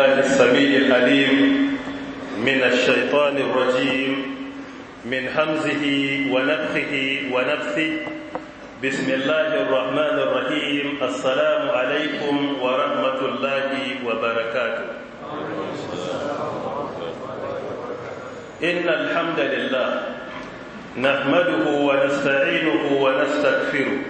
بالله السميع العليم من الشيطان الرجيم من همزه ونفخه ونفثه بسم الله الرحمن الرحيم السلام عليكم ورحمة الله وبركاته إن الحمد لله نحمده ونستعينه ونستغفره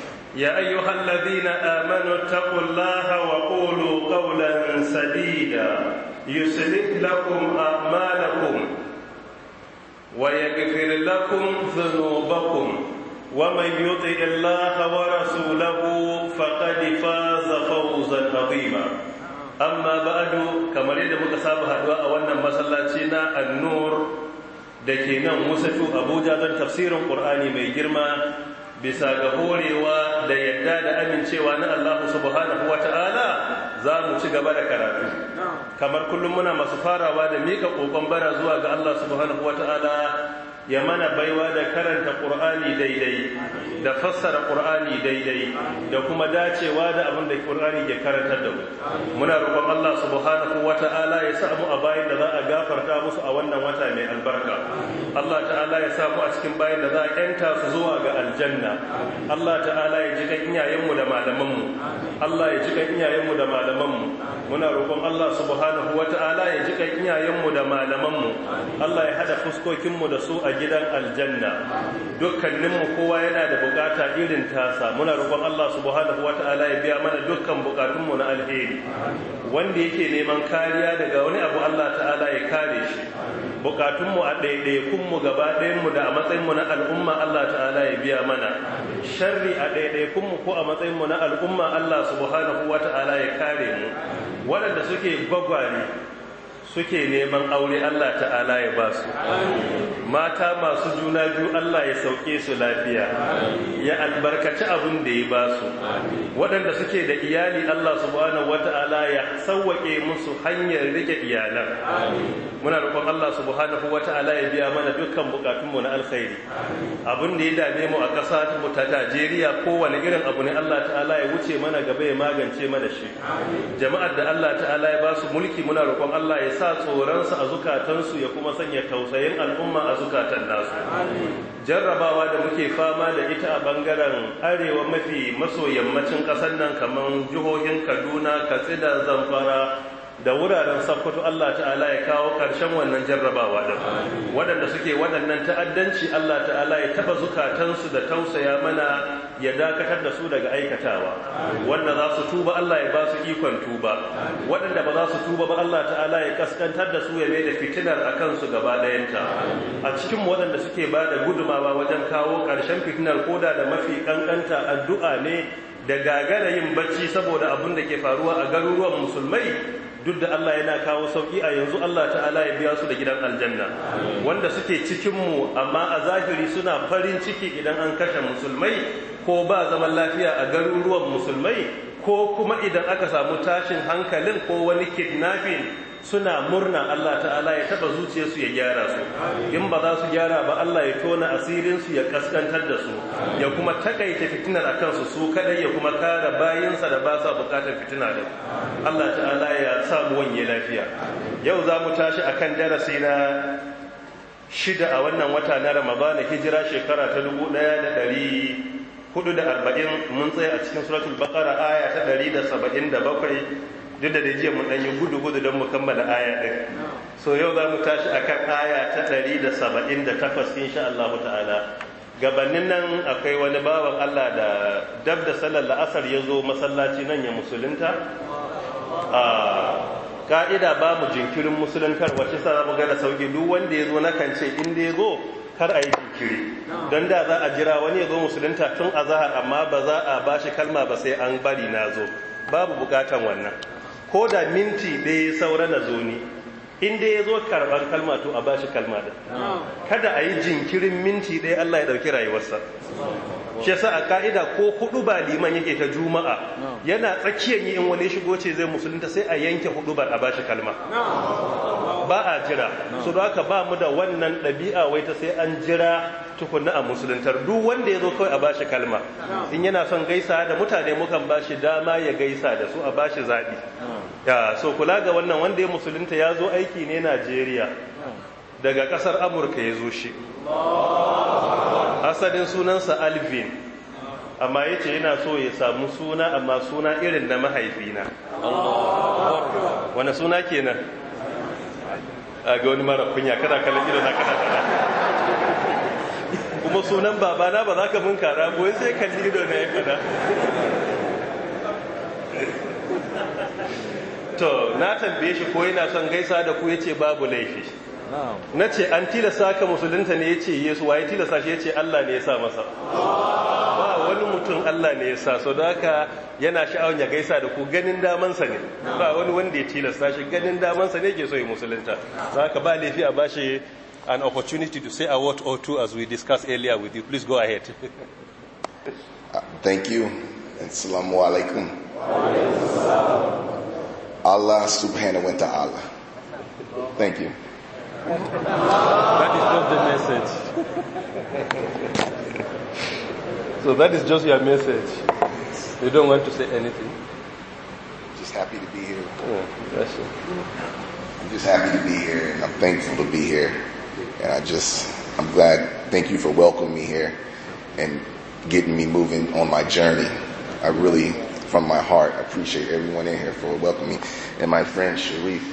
يا أيها الذين آمنوا اتقوا الله وقولوا قولا سديدا يصلح لكم أعمالكم ويغفر لكم ذنوبكم ومن يطع الله ورسوله فقد فاز فوزا عظيما أما بعد كما يريد متصابها دعاء وأن مسلاتنا النور da ke nan wasu abuja don tafsirin ƙur'ani mai girma bisa ga horewa da yadda da amincewa na Allah subhanahu wa ta'ala za mu ci gaba da karatu kamar kullum muna masu farawa da mika kokon bara zuwa ga Allah subhanahu wa ta'ala ya mana baiwa da karanta ƙur'ani daidai da fassara ƙur'ani daidai da kuma dacewa da abin da ƙur'ani ke karanta da mu muna roƙon Allah subhanahu wata'ala ya sa mu a bayan da za a gafarta musu a wannan wata mai albarka Allah ta'ala ya sa mu a cikin bayan da za a yanta su zuwa ga aljanna Allah ta'ala ya ji kan iyayen mu da malaman mu Allah ya ji iyayen mu da malaman mu muna roƙon Allah subhanahu wata'ala ya ji kan iyayenmu da malamanmu Allah ya hada fuskokinmu da su a gidan aljanna dukkaninmu kowa yana da bukata irin tasa muna roƙon Allah subhanahu wata'ala ya biya mana dukkan bukatunmu na alheri wanda yake neman kariya daga wani abu Allah ta'ala ya kare shi bukatunmu a ɗaiɗaikunmu gaba ɗayanmu da a matsayin mu na al'umma Allah ta'ala ya biya mana sharri a ɗaiɗaikunmu ko a matsayinmu na al'umma Allah subhanahu wa ta'ala ya kare mu waɗanda suke gwagware suke neman aure Allah ta'ala ya ba su mata masu juna biyu Allah ya sauke su lafiya ya albarkaci abin da ya ba su waɗanda suke da iyali Allah subhanahu wata'ala ya sauwake musu hanyar rike iyalan muna roƙon Allah subhanahu wata'ala ya biya mana dukkan bukatunmu na alkhairi abin da ya dame mu a ƙasa mu ta Najeriya kowane irin abu ne Allah ta'ala ya wuce mana gaba ya magance mana shi jama'ar da Allah ta'ala ya ba su mulki muna roƙon Allah ya sa tsoronsu a zukatansu ya kuma sanya tausayin al'umma a zukatan nasu jarrabawa da muke fama da ita a bangaren arewa mafi maso yammacin ƙasar nan kamar jihohin kaduna katsina zamfara da wuraren sakkwato Allah ta'ala ya kawo ƙarshen wannan jarrabawa da waɗanda suke waɗannan ta'addanci Allah ta'ala ya taɓa zukatansu da tausaya mana ya dakatar da su daga aikatawa wanda za su tuba Allah ya ba su ikon tuba waɗanda ba za su tuba ba Allah ta'ala ya kaskantar da su ya mai da fitinar a kansu gaba ɗayanta a cikin waɗanda suke ba da gudumawa wajen kawo ƙarshen fitinar koda da mafi ƙanƙanta addu'a ne da gagarayin bacci saboda abun da ke faruwa a garuruwan musulmai duk da Allah yana kawo sauki a yanzu Allah ta'ala ya biya su da gidan aljanna wanda suke cikin mu amma a zahiri suna farin ciki idan an kashe musulmai ko ba zaman lafiya a garuruwan musulmai ko kuma idan aka samu tashin hankalin ko wani kidnapping suna murna Allah ta'ala ya taba zuciyarsu ya gyara su in ba za su gyara ba Allah ya tona asirinsu ya kaskantar da su ya kuma takaita fitinar a kansu su kadai ya kuma kara bayansa da ba sa bukatar fitina da Allah ta'ala ya samu wanye lafiya yau za mu tashi kan darasi na shida a wannan wata na ramadan hijira shekara ta dubu ɗaya da dari hudu da arba'in mun tsaya a cikin suratul bakara aya ta dari da saba'in da bakwai duk da jiya mun ɗanyi gudu gudu don mu kammala aya ɗin so yau za mu tashi kan aya ta ɗari da saba'in da takwas insha Allah ta'ala gabanin nan akwai wani bawan Allah da dab da sallar la'asar ya zo masallaci nan ya musulunta ka'ida ba mu jinkirin musuluntar wacce sa za mu gada sauki duk wanda ya zo na kan ce in da ya zo kar a yi jinkiri don da za a jira wani ya zo musulunta tun a zahar amma ba za a bashi kalma ba sai an bari na zo babu bukatan wannan ko da minti ɗaya saura na zo ni in ya zo karɓar kalma to a ba shi kalma da kada a yi jinkirin minti ɗaya Allah ya ɗauki rayuwarsa shi yasa a ka'ida ko hudu ba liman yake ta juma'a yana tsakiyar yi in wani shigo ce zai musulunta sai a yanke hudu ba a ba shi kalma ba a jira su da aka ba mu da wannan ɗabi'a wai ta sai an jira tukunna a musuluntar duk wanda ya zo kawai a ba shi kalma in yana son gaisa da mutane mukan ba shi dama ya gaisa da su a ba shi zaɓi ya so kula ga wannan wanda ya musulunta ya zo aiki ne najeriya daga ƙasar amurka ya zo shi asalin sunansa alvin amma ya ce yana so ya samu suna amma suna irin na mahaifina wani suna kenan ga wani mara kunya kada kallon ido na kada kada kuma sunan babana ba za ka mun kara boye sai kalli ido na ya kana to na tambaye shi ko yana son gaisa da ku yace babu laifi na ce an tilasa ka musulunta ne ya ce yesu waye tilasa shi yace allah ne ya sa masa wani mutum Allah ne ya sa so da haka yana sha'awar ya gaisa da ku ganin damansa ne ba wani wanda ya tilasta shi ganin damansa ne ke so ya musulunta za ka ba laifi a an opportunity to say a word or two as we earlier with you please go ahead uh, thank you assalamu alaikum Allah subhanahu wa ta'ala thank you that is not the message So that is just your message. You don't want to say anything. Just happy to be here. Yeah, I'm just happy to be here and I'm thankful to be here. And I just, I'm glad, thank you for welcoming me here and getting me moving on my journey. I really, from my heart, appreciate everyone in here for welcoming me. And my friend Sharif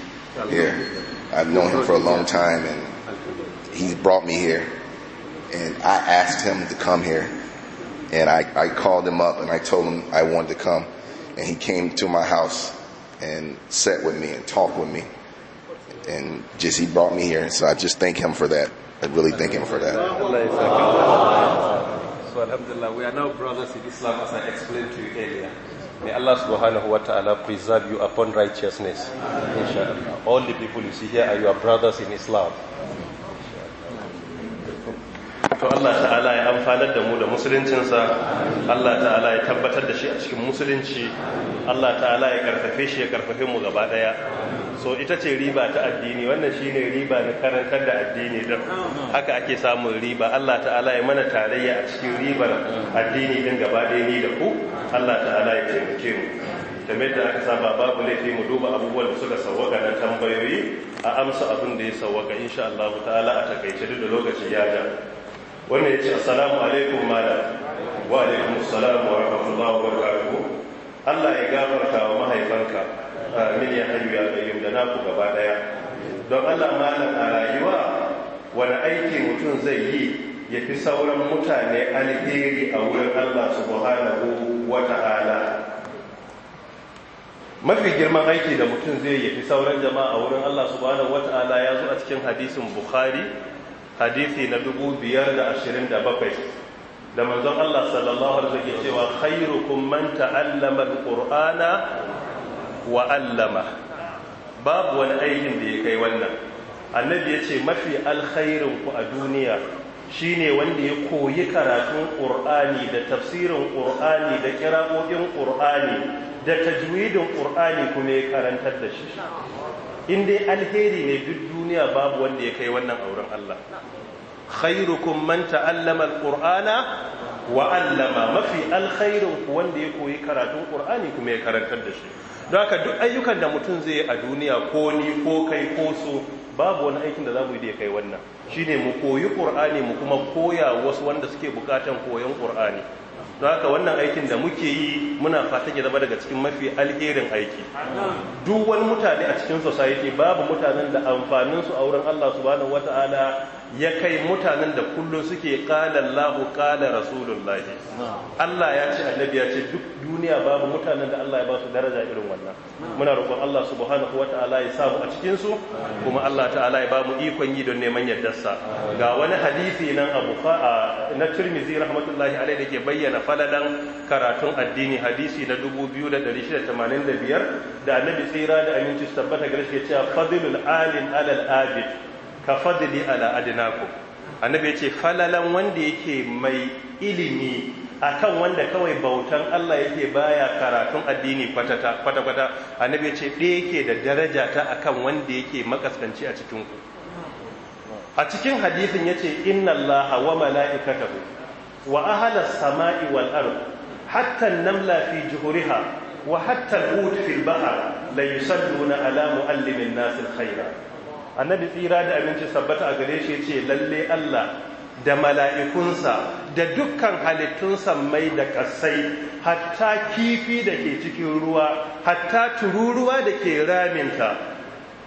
here. I've known him for a long time and he's brought me here. And I asked him to come here and I, I called him up and I told him I wanted to come. And he came to my house and sat with me and talked with me. And just, he brought me here. So I just thank him for that. I really thank him for that. So Alhamdulillah, we are now brothers in Islam as I explained to you earlier. May Allah subhanahu wa ta'ala preserve you upon righteousness. Inshallah. All the people you see here are your brothers in Islam. to Allah ta'ala ya amfanar da mu da musuluncinsa Allah ta'ala ya tabbatar da shi a cikin musulunci Allah ta'ala ya karfafe shi ya karfafe mu gaba daya so ita ce riba ta addini wannan shine riba na karantar da addini din haka ake samun riba Allah ta'ala ya mana tarayya a cikin ribar addini din gaba daya ni da ku Allah ta'ala ya taimake mu game da aka saba babu laifi mu duba abubuwan da suka sauwaka na tambayoyi a amsa abin da ya sawwaka insha Allah ta'ala a takaice duk da lokaci ya ja wannan ya ce assalamu alaikum malam wa alaikum assalamu wa rahmatullahi wa barakatuhu Allah ya gafarta wa mahaifanka amin ya hayyu ya qayyum da naku gaba daya don Allah malam a rayuwa wani aiki mutum zai yi ya fi sauran mutane alheri a wurin Allah subhanahu wa ta'ala mafi girman aiki da mutum zai yi fi sauran jama'a a wurin Allah subhanahu wa ta'ala ya zo a cikin hadisin Bukhari hadisi na 527 da manzon Allah sallallahu alaihi wasallam cewa khairukum man ta'allama alqur'ana wa 'allama babu wani aikin da ya kai wannan annabi yace mafi alkhairin ku a duniya shine wanda ya koyi karatun qur'ani da tafsirin qur'ani da kira'o'in qur'ani da tajwidin qur'ani kuma ya karantar da shi in dai alheri ne duk duniya babu wanda ya kai wannan auren Allah khairukum man ta'allama alqur'ana wa 'allama mafi alkhairun ku wanda ya koyi karatun qur'ani kuma ya karantar da shi don haka duk ayyukan da mutum zai yi a duniya ko ni ko kai ko so babu wani aikin da za mu yi da ya kai wannan shine mu koyi qur'ani mu kuma koya wasu wanda suke bukatan koyon qur'ani don haka wannan aikin da muke yi muna fata ya zama daga cikin mafi alherin aiki duk wani mutane a cikin society babu mutanen da amfaninsu a wurin Allah subhanahu wata'ala ya kai mutanen da kullum suke ƙala Allahu ƙala Rasulullah Allah ya ce annabi ya ce duk duniya babu mutanen da Allah ya ba su daraja irin wannan muna roƙon Allah subhanahu wata'ala ya samu a cikinsu. kuma Allah ta'ala ya ba mu ikon yi don neman yaddarsa ga wani hadisi nan abu a na turmizi rahmatullahi da ke bayyana faladan karatun addini hadisi na 2685 da da biyar annabi tsira da aminci tabbata garshe ya ce alin alal abid ka fadili ala adnaku annabi yace falalan wanda yake mai ilimi akan wanda kawai bautan Allah yake baya karatun addini kwata kwata annabi yace ɗaya yake da daraja ta akan wanda yake makaskanci a cikin ku a cikin hadisin yace inna allaha wa mala'ikatahu wa ahla samai wal ard hatta an-namla fi juhuriha wa hatta al-hut fi al-bahr la yusalluna ala muallimin nas al-khayra annabi tsira da abinci sabbata a gare shi ce lalle Allah da mala'ikunsa da dukkan halittunsa mai da ƙasai hatta kifi da ke cikin ruwa hatta tururuwa da ke raminta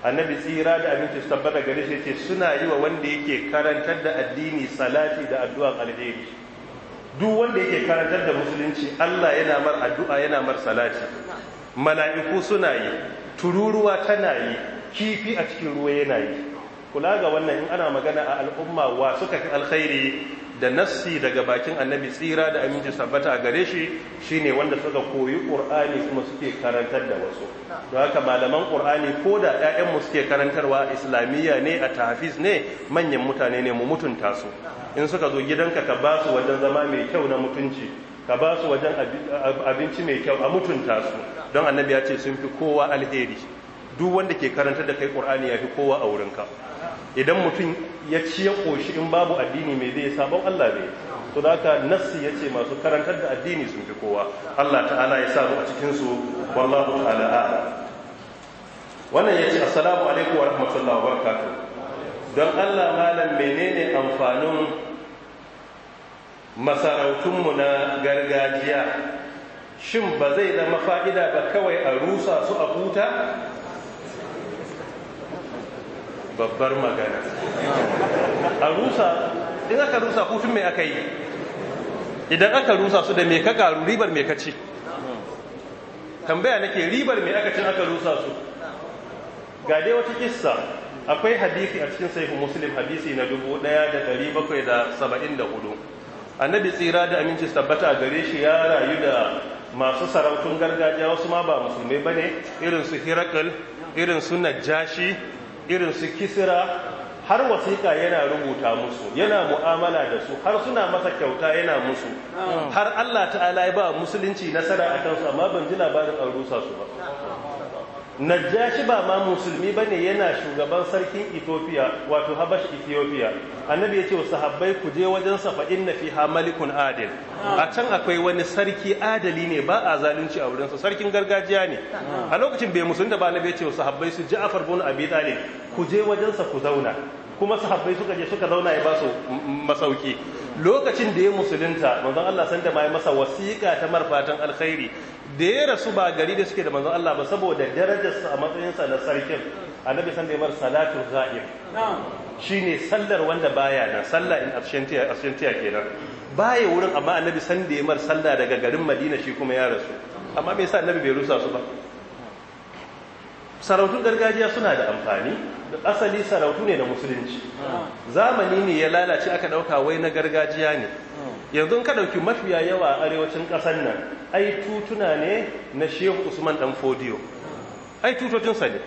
annabi tsira da abinci sabbata gare shi ce suna yi wa wanda yake karantar da addini salati da addu'a alheri duk wanda yake karantar da musulunci Allah yana mar addu'a yana mar salati mala'iku suna yi tururuwa tana yi kifi a cikin ruwa yana yi kula ga wannan in ana magana a al'umma wa suka fi alkhairi da nassi daga bakin annabi tsira da aminci sabbata a gare shi shi ne wanda suka koyi qur'ani kuma suke karantar da wasu Da haka malaman ƙur'ani ko da ƴaƴan mu suke karantarwa a islamiyya ne a tahfiz ne manyan mutane ne mu mutunta su in suka zo gidanka ka ba su wajen zama mai kyau na mutunci ka ba su wajen abinci mai kyau a mutunta su don annabi ya ce sun fi kowa alheri duk wanda ke karanta da kai qur'ani yafi kowa a wurinka idan mutum ya ci ya koshi in babu addini mai zai sabon Allah ne to da haka nassi yace masu karantar da addini sun fi kowa Allah ta'ala ya sa a cikin su wallahu ta'ala wannan yace assalamu alaikum wa rahmatullahi wa barakatuh don Allah malam menene amfanin masarautunmu na gargajiya shin ba zai zama fa'ida ba kawai a rusa su a huta babbar magana a rusa in aka rusa hutun mai aka yi idan aka rusa su da mai ka karu ribar mai ka ci tambaya nake ribar mai aka cin aka rusa su ga dai wata kissa akwai hadisi a cikin sahih muslim hadisi na 1774 annabi tsira da aminci tabbata a gare shi ya rayu da masu sarautun gargajiya wasu ma ba musulmai bane irin su hirakal irin su najashi irin su kisira har wasiƙa yana rubuta musu yana mu'amala da su har suna masa kyauta yana musu har Allah ta'ala ya ba musulunci nasara a kansu amma ban ji labarin an rusa su ba najashi ba ma musulmi ba ne yana shugaban sarkin ethiopia wato habash ethiopia annabi ya ce wasu habbai ku je wajen na fi malikun adil a can akwai wani sarki adali ne ba a zalunci a wurinsa sarkin gargajiya ne a lokacin bai musulmi da ba annabi ya ce wasu habbai su ja'afar bin abi talib ku je wajensa ku zauna kuma sahabbai suka je suka zauna ya ba su masauki lokacin da ya musulunta manzon Allah san da mai masa wasiƙa ta marfatan alkhairi da ya rasu ba gari da suke da manzon Allah ba saboda sa a matsayinsa na sarkin annabi san da ya salatu ghaib shine sallar wanda baya na, sallah in absentia absentia kenan baya wurin amma annabi san da ya sallah daga garin Madina shi kuma ya rasu amma me yasa annabi bai rusa su ba sarautun gargajiya suna da amfani asali sarautu ne na musulunci zamani ne ya lalace aka dauka wai na gargajiya ne yanzu ka dauki mafiya yawa a arewacin kasar nan ai tutuna ne na shehu usman dan fodiyo ai tutotinsa ne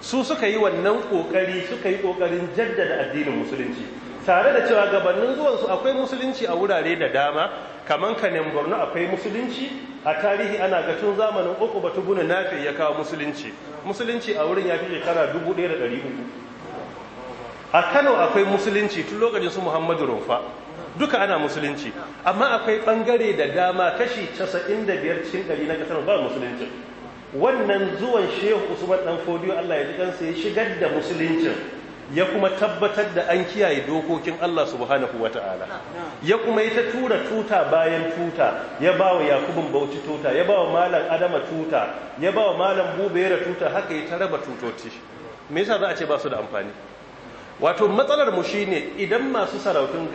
su suka yi wannan kokari suka yi kokarin jaddada addinin musulunci tare da cewa gabanin zuwansu akwai musulunci a wurare da dama kaman kanin borno akwai musulunci a tarihi ana ga tun zamanin uku batu buna nafi ya kawo musulunci musulunci a wurin ya fi shekara uku. a kano akwai musulunci tun lokacin su muhammadu rumfa duka ana musulunci amma akwai bangare da dama kashi casa'in da biyar cikin ɗari na kasar ba musulunci wannan zuwan shehu usman ɗan fodiyo Allah ya ji kansa ya shigar da musuluncin ya kuma tabbatar da an kiyaye dokokin Allah subhanahu wa ta'ala ya kuma yi ta tura tuta bayan tuta ya ba wa yakubin bauchi tuta ya ba wa malam adama tuta ya ba wa malam bubera tuta haka yi ta raba tutoci me yasa za a ce ba su da amfani wato matsalar mu shine idan masu sarautun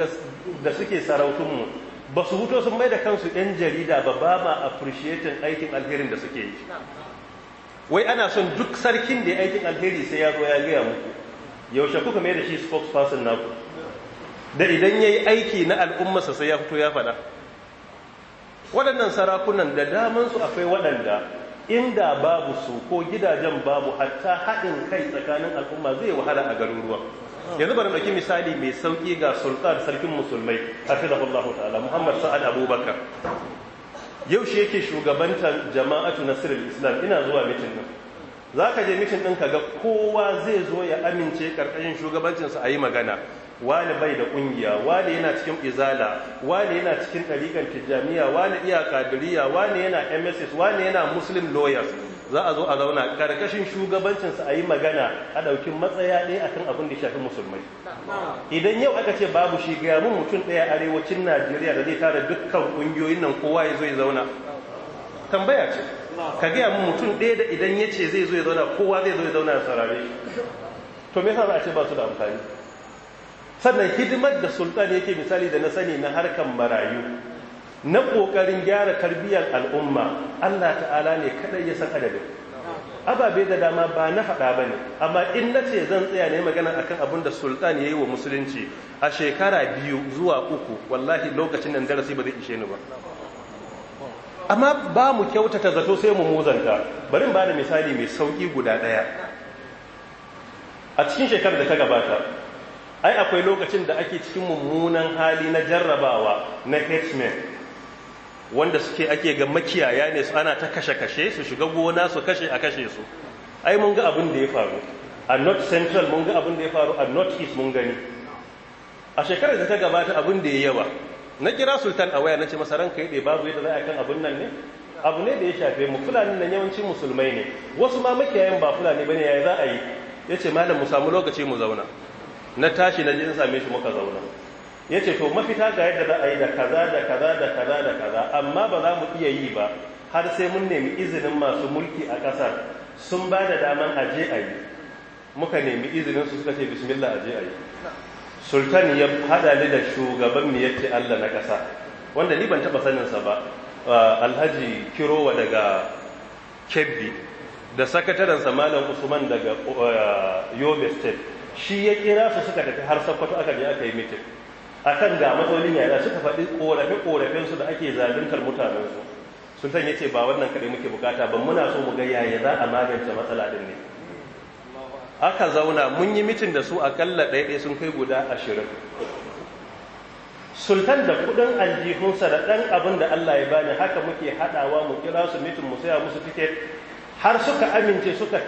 da suke sarautunmu mu ba su huto sun mai da kansu yan jarida ba ba ma appreciating aikin alherin da suke yi wai ana son duk sarkin da ya aikin alheri sai ya zo ya gaya muku yaushe kuka mai da shi spokesperson naku da idan ya yi aiki na al'ummarsa sai ya fito ya fada waɗannan sarakunan da damansu akwai waɗanda inda babu su ko gidajen babu hatta haɗin kai tsakanin al'umma zai wahala a garuruwa yanzu bari ɗauki misali mai sauƙi ga sultan sarkin musulmai hafizahullahu ta'ala muhammad sa'ad abubakar yau shi yake shugabantar jama'atu na sirri islam ina zuwa mitin nan za ka je mitin ɗin ga kowa zai zo ya amince ƙarƙashin shugabancinsa a yi magana wani bai da ƙungiya wani yana cikin izala wani yana cikin ɗarikan tijjamiya wani iya kadiriya wani yana emesis. wani yana muslim lawyers za a zo a zauna ƙarƙashin shugabancinsa a yi magana a ɗaukin matsaya ɗaya akan abin da shafi musulmai idan yau aka ce babu shi gaya mun mutum ɗaya arewacin najeriya da zai tara dukkan ƙungiyoyin nan kowa ya zo ya zauna tambaya ce ka gaya mu mutum ɗaya da idan ya ce zai zo ya zauna kowa zai zo ya zauna ya sarare to me yasa za a ce ba su da amfani sannan hidimar da sultan yake misali da na sani na harkar marayu na ƙoƙarin gyara tarbiyyar al'umma allah ta'ala ne kaɗai ya san adadin ababe da dama ba na faɗa ba ne amma in na ce zan tsaya ne magana akan abin da sultan ya yi wa musulunci a shekara biyu zuwa uku wallahi lokacin nan darasi ba zai ishe ni ba amma ba mu kyautata zato sai mu muzanta bari ba da misali mai sauki guda ɗaya a cikin shekarar da ta gabata ai akwai lokacin da ake cikin mummunan hali na jarrabawa na hitchman wanda suke ake ga makiyaya ne su ana ta kashe-kashe su shiga gona su kashe a kashe su ai mun ga abin da ya faru a north central mun ga abin da ya faru a north east mun gani a shekarar da ta gabata abin da ya yawa na kira sultan a waya na ce masa ranka yade babu yadda za a kan abin nan ne abu ne da ya shafe mu fulani nan yawancin musulmai ne wasu ma makiyayan ba fulani bane yayi za a yi yace malam mu samu lokaci mu zauna na tashi na je in same shi muka zauna yace to mafita ga yadda za a yi da kaza da kaza da kaza da kaza amma ba za mu iya yi ba har sai mun nemi izinin masu mulki a ƙasar sun ba da daman aje a yi muka nemi izinin su suka ce bismillah aje a yi sultan ya hada ni da shugaban yace Allah na ƙasa wanda ni ban taɓa saninsa ba ah, alhaji kirowa daga kebbi da sakatarensa malam usman daga ah, yobe state shi ya kira su suka tafi har sakwato aka je aka yi mitin a ga matsalolin yana suka faɗi ƙorafe su da ake zaluntar mutanensu sultan ya ce ba wannan kaɗai muke bukata ba muna so mu ga yaya za a magance matsala ɗin ne aka zauna mun yi mitin da su akalla ɗaya sun kai guda ashirin sultan da kudin aljihunsa da ɗan abin da Allah ya bani haka muke haɗawa mu kira su mitin mu saya musu tiket har suka amince suka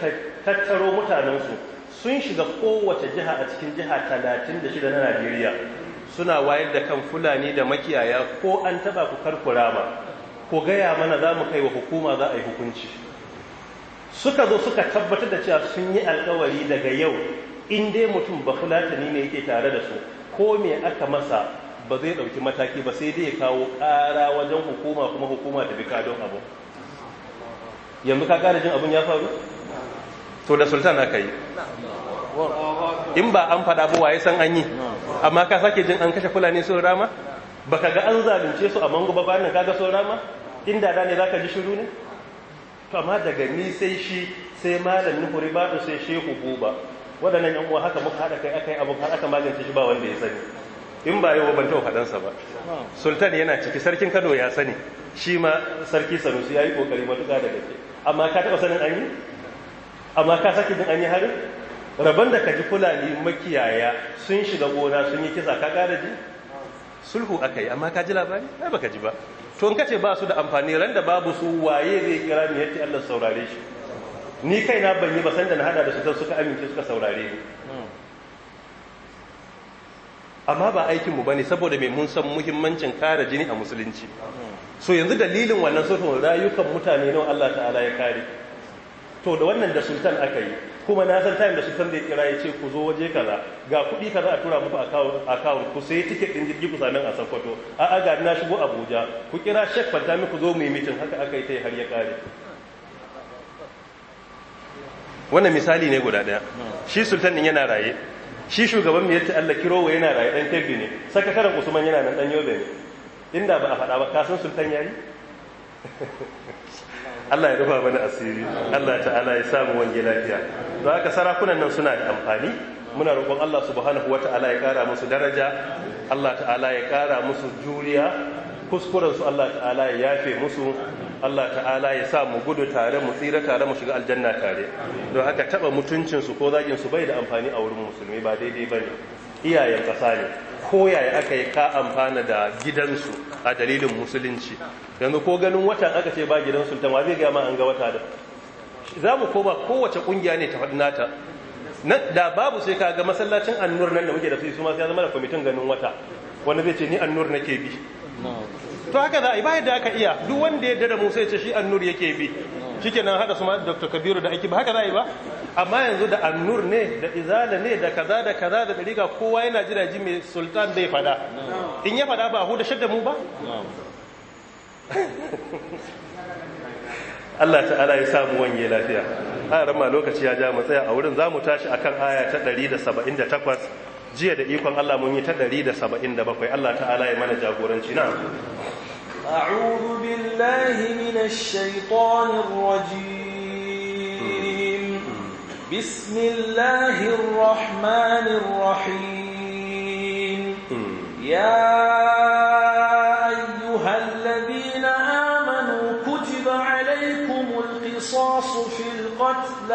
tattaro mutanensu sun shiga kowace jiha a cikin jiha talatin da shida na Najeriya suna wayar da kan fulani da makiyaya ko an taɓa ku karkura ba ko gaya mana za mu kai wa hukuma za a yi hukunci suka zo suka tabbatar da cewa sun yi alkawari daga yau in dai mutum ba fulatani ne yake tare da su ko me aka masa ba zai ɗauki mataki ba sai dai ya kawo ƙara wajen hukuma kuma hukuma ta bi kadon abu yanzu ka ƙara jin abin ya faru to da sultan aka yi in ba an faɗa ba waye san an yi amma ka sake jin an kashe fulani sun rama baka ga an zalunce su a mangu ba bayan kaga sun rama inda da ne zaka ji shiru ne kama daga ni sai shi sai malam nuhuri ba sai shehu guba waɗannan yan uwa haka muka haɗa kai akai abu har aka magance shi ba wanda ya sani in ba yau ban taɓa faɗansa ba sultan yana ciki sarkin kano ya sani shi ma sarki sanusi ya yi matuƙa da gaske amma ka taɓa sanin an yi amma ka saki din an yi harin rabon da ka ji fulani makiyaya sun shiga gona sun yi kisa ka ƙara ji sulhu aka amma ka ji labari ba ka ji ba to kace ba su da amfani ran da babu su waye zai kira ni yace Allah saurare shi ni kai na ban yi ba san da na hada da su suka amince suka saurare ni amma ba aikin mu bane saboda me mun san muhimmancin kare jini a musulunci so yanzu dalilin wannan sufin rayukan mutane nawa Allah ta'ala ya kare to da wannan da sultan aka yi kuma na san time da su sanda ya kira ya ce ku zo waje kaza ga kuɗi kaza a tura muku akawun ku sai tiket ɗin jirgi ku sami a sakwato a aga na shigo abuja ku kira shek fanta ku zo mu yi mitin haka aka yi ta har ya kare wannan misali ne guda ɗaya shi sultan din yana raye shi shugaban mu yace Allah kirowa yana raye ɗan tabbi ne sakataren usman yana nan ɗan yobe ne inda ba a faɗa ba kasan sultan yayi Allah ya rufa mana asiri Allah ta'ala ya samu wange lafiya don haka sarakunan nan suna da amfani muna roƙon Allah subhanahu wata'ala ya ƙara musu daraja Allah ta'ala ya ƙara musu juriya kuskuren su Allah ta'ala ya yafe musu Allah ta'ala ya sa mu gudu tare mu tsira tare mu shiga aljanna tare don haka taba mutuncin su ko zagin su bai da amfani a wurin musulmi ba daidai bane iyayen ƙasa ne koyaya aka yi ka amfana da gidansu a dalilin musulunci yanzu ko ganin watan aka ce ba gidan sultan wa zai gama an ga wata da za mu koma kowace ƙungiya ne ta faɗi nata da babu sai ka ga masallacin annur nan da muke da su su ma sai zama da kwamitin ganin wata wanda zai ce ni annur ke bi to haka za a yi ba yadda aka iya duk wanda ya dada musa ya ce shi annur yake bi shike nan hada su ma dr kabiru da aiki ba haka za a yi ba amma yanzu da annur ne da izala ne da kaza da kaza da dariga kowa yana jira ji mai sultan bai fada in ya fada ba a huda shadda mu ba Allah ta'ala ya samu wanye lafiya a rama lokaci ya ja mu tsaya a wurin za mu tashi akan aya ta 178 jiya da ikon Allah mun yi ta ɗari da saba'in 177 Allah ta'ala ya mana jagoranci na a'udhu billahi minash na rajim bismillahir rahmanir rahim ya ayyuhalladhina amanu kutiba alaykumul qisasu fil qatl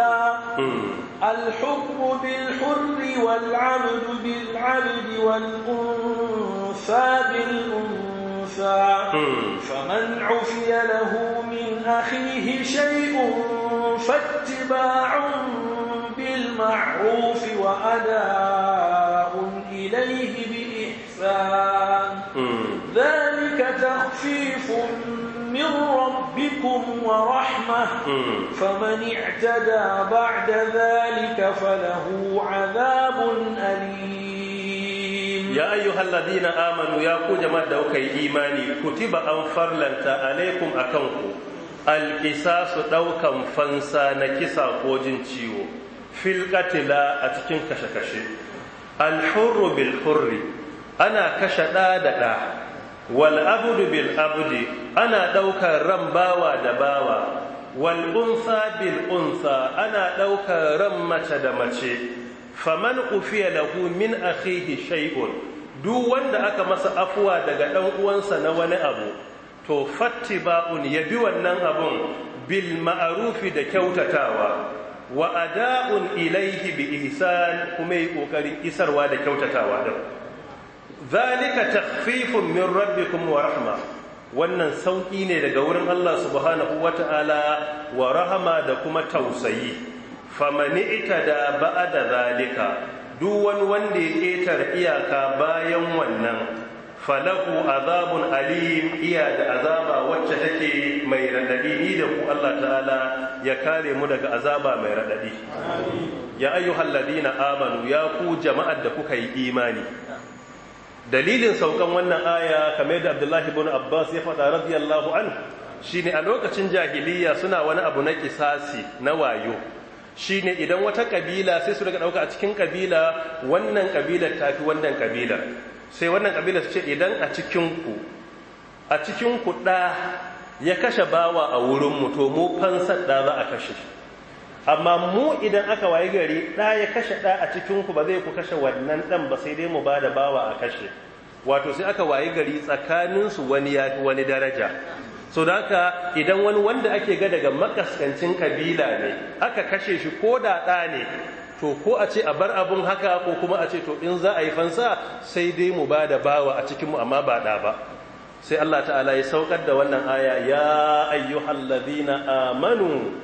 الحر بالحر والعبد بالعبد والأنثى بالأنثى فمن عفي له من أخيه شيء فاتباع بالمعروف وأداء إليه بإحسان ذلك تخفيف من ربكم ورحمة فمن اعتدى بعد ذلك فله عذاب أليم Ya ayyuhal ladina amanu ya ku jama'a da kuka yi imani kutiba an farlanta alaikum akanku al-qisasu ɗaukan fansa na kisa ko jin ciwo fil qatila a cikin kashe kashe Al'hurru hurru bil hurri ana kashe da ɗa. wal abdu bil abdi ana ɗaukar ran bawa da bawa wal unsa bil unsa ana ɗaukar ran mace da mace faman ufiya lahu min akhihi shay'un duk wanda aka masa afuwa daga ɗan uwansa na wani abu to fattiba'un ya bi wannan abun bil ma'arufi da kyautatawa wa ada'un ilaihi bi ihsan kuma yi ƙoƙarin isarwa da kyautatawa din zalika takhfifun min rabbikum wa rahma wannan sauki ne daga wurin Allah subhanahu wata'ala wa rahama da kuma tausayi famani ita da ba'ada zalika duk wani wanda ya ƙetare iyaka bayan wannan falahu azabun alim iya da azaba wacce take mai raɗaɗi ni da ku Allah ta'ala ya kare mu daga azaba mai raɗaɗi ya ayyuhal ladina amanu ya ku jama'ar da kuka yi imani dalilin saukan wannan aya kamar da abdullahi ibn abbas ya faɗa radiyallahu an shine a lokacin jahiliya suna wani abu na kisasi na wayo shine idan wata ƙabila sai su daga dauka a cikin kabila wannan ta fi wannan kabilar sai wannan ƙabilar su ce idan a cikin ku a cikin ku ya kashe bawa a wurin mu to mu fansar da za a kashe shi amma mu idan aka waye gari ɗa ya kashe ɗa a cikinku ba zai ku kashe wannan ɗan ba sai dai mu ba da bawa a kashe wato sai aka waye gari tsakaninsu wani ya wani daraja so da haka idan wani wanda ake ga daga makaskancin kabila ne aka kashe shi ko da ɗa ne to ko a ce a bar abun haka ko kuma a ce to in za a yi fansa sai dai mu ba da bawa a cikinmu amma ba ɗa ba sai Allah ta'ala ya saukar da wannan aya ya ayyuhallazina amanu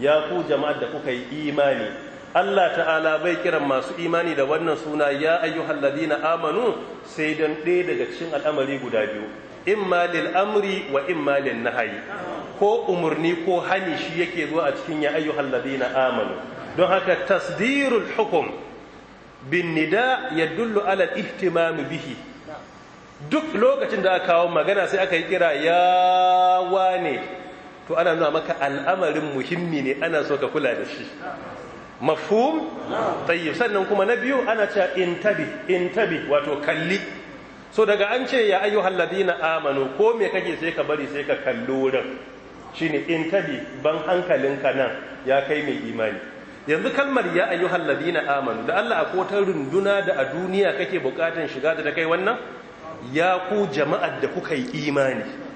ya ku jama'ar da kuka yi imani Allah ta'ala bai kiran masu imani da wannan suna ya ayyuhal ladina amanu sai dan ɗaya daga cikin al'amari guda biyu imma lil amri wa imma lin nahyi ko umurni ko hani shi yake zuwa a cikin ya ayyuhal ladina amanu don haka tasdirul hukum bin nida yadullu ala al-ihtimam bihi duk lokacin da aka kawo magana sai aka yi kira ya wane to ana nuna maka al'amarin muhimmi ne ana so ka kula da shi mafhum tayyib sannan kuma na biyu ana cewa intabi intabi wato kalli so daga an ce ya ayyuhal ladina amanu ko me kake sai ka bari sai ka kallo wurin shine intabi ban ka nan ya kai mai imani yanzu kalmar ya ayyuhal ladina amanu da Allah akwai ta runduna da a duniya kake bukatan shiga da kai wannan ya ku jama'ar da kuka yi imani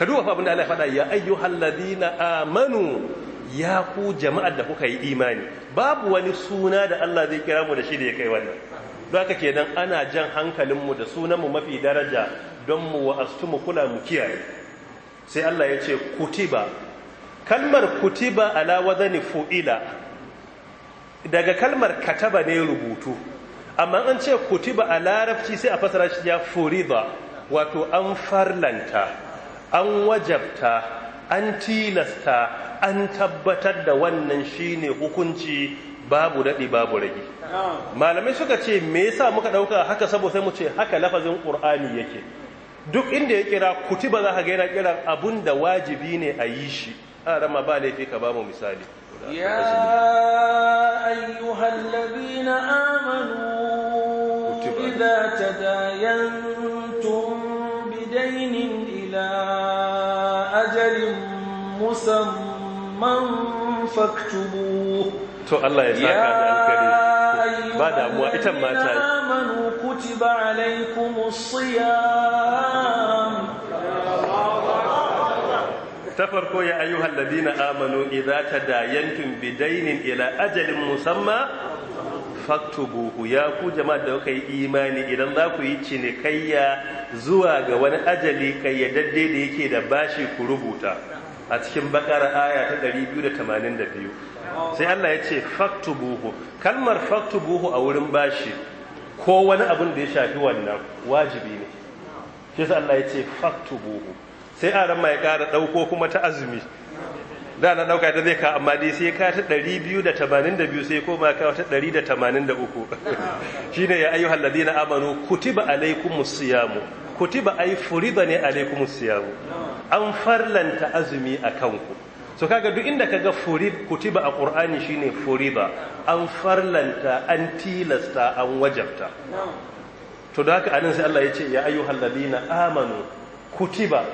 ka duba fa abinda Allah ya faɗa ya ayyuhal ladina amanu ya ku jama'ar da kuka yi imani babu wani suna da Allah zai kira mu da shi da ya kai wannan don haka kenan ana jan hankalin mu da sunan mu mafi daraja don mu wa'astu mu kula mu kiyaye sai Allah ya ce kutiba kalmar kutiba ala wazani fu'ila daga kalmar kataba ne rubutu amma an ce kutiba a larabci sai a fasara shi ya furida wato an farlanta an wajabta an tilasta an tabbatar da wannan shine hukunci babu daɗi babu rage malamai suka ce me yasa muka ɗauka haka saboda sai mu ce haka lafazin ƙur'ani yake duk inda ya kira ba za ka gaira kiran abun da wajibi ne a yi shi a rama ba laifi ka ba misali ya ayyuhallabina amanu idza tadayantum musamman faktubu to Allah ya saka da alkari ba damuwa ita mata ta manu amanu kutiba alaikumus siyam ta farko ya ayyuhal ladina amanu idza tadayantum bidainin ila ajalin musamma faktubuhu ya ku jama'a da kuka yi imani idan za ku yi cinikayya zuwa ga wani ajali kayyadadde da yake da bashi ku rubuta a cikin bakara aya ta 282 sai Allah ya ce faktubuhu kalmar faktubuhu a wurin bashi ko wani abin da ya shafi wannan wajibi ne shi sai Allah ya ce faktubuhu sai a ran mai kara ɗauko kuma ta azumi da na dauka ta zai ka amma dai sai ka ta 282 sai koma ka ta 183 shine ya ayyuhal ladina amanu kutiba alaikumus siyamu kutiba ay furida ne alaikumus siyamu an farlanta azumi a kanku so kaga duk inda kaga furib kutiba a qur'ani shine furiba an farlanta an tilasta an wajabta to da haka anan sai Allah ya ce ya ayyuhal ladina amanu kutiba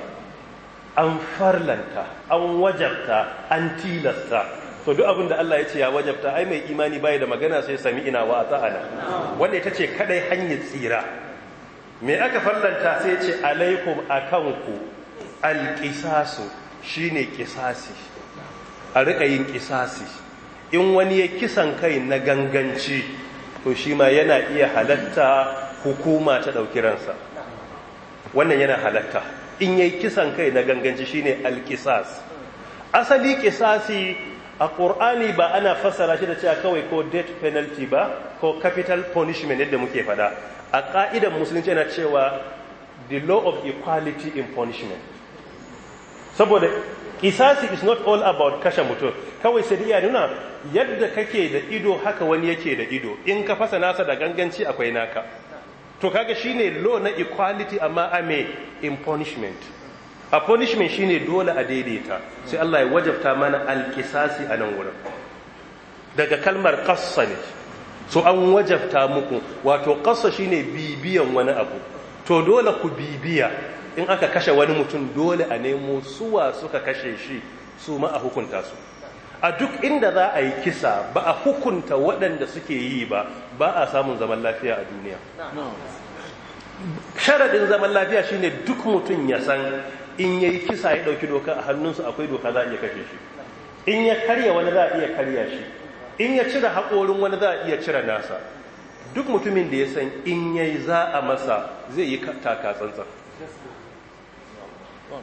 an farlanta an wajabta an tilasta to duk abin Allah ya ce ya wajabta ai mai imani bai da magana sai sami ina wa ta'ala wanda ita ce kadai hanyar tsira me aka farlanta sai ya ce alaikum akanku alƙisasu shi ne ƙisasi a riƙa ƙisasi in wani ya kisan kai na ganganci to shi ma yana iya halatta hukuma ta ɗauki ransa wannan yana halatta in yi kisan kai na ganganci shi ne alƙisas asali ƙisasi a ƙur'ani ba ana fassara shi da cewa kawai ko death penalty ba ko capital punishment yadda muke fada a ƙa'idan musulunci yana cewa the law of equality in punishment saboda isasi is not all about kashe mutum kawai sai iya nuna yadda kake da ido haka wani yake da ido in ka fasa nasa da ganganci akwai naka to kaga shine law na equality amma ame in punishment a punishment shine dole a daidaita sai Allah ya wajabta mana alkisasi a nan wurin daga kalmar qassa ne so an wajabta muku wato qassa shine bibiyan wani abu to dole ku bibiya in aka kashe wani mutum dole a nemo suwa suka kashe shi su ma a hukunta su a duk inda za a yi kisa ba a hukunta waɗanda suke yi ba ba a samun zaman lafiya a duniya sharaɗin zaman lafiya shi ne duk mutum ya san in ya yi kisa ya ɗauki doka a hannunsu akwai doka za a iya kashe shi in ya karya wani za a iya karya shi in ya cire haƙorin wani za a iya cire nasa duk mutumin da ya san in ya yi za a masa zai yi taka tsantsan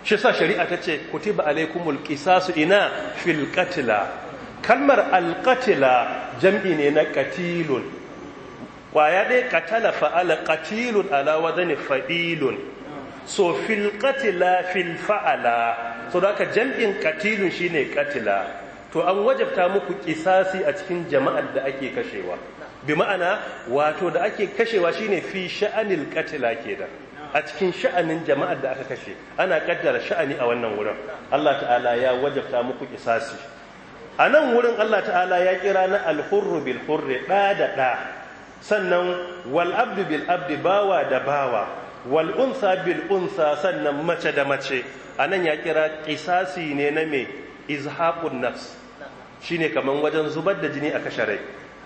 shi sa shari'a ta ce kutiba alaikumul qisasu ina fil kalmar alkatila jam'i ne na qatilun kwaya dai qatala fa'ala qatilun ala wazni fa'ilun so fil qatla fil fa'ala so da ka jam'in qatilun shine qatla to an wajabta muku qisasi a cikin jama'ar da ake kashewa bi ma'ana wato da ake kashewa shine fi sha'anil qatla kenan a cikin sha'anin jama'ar da aka kashe ana kaddara sha'ani a wannan wurin Allah ta'ala ya wajabta muku kisasi a nan wurin Allah ta'ala ya kira na alhurru bil hurri da da da sannan wal abdu bil abdi bawa da bawa wal unsa bil unsa sannan mace da mace a nan ya kira kisasi ne na me izhaqun nafs shine kaman wajen zubar da jini a kashe rai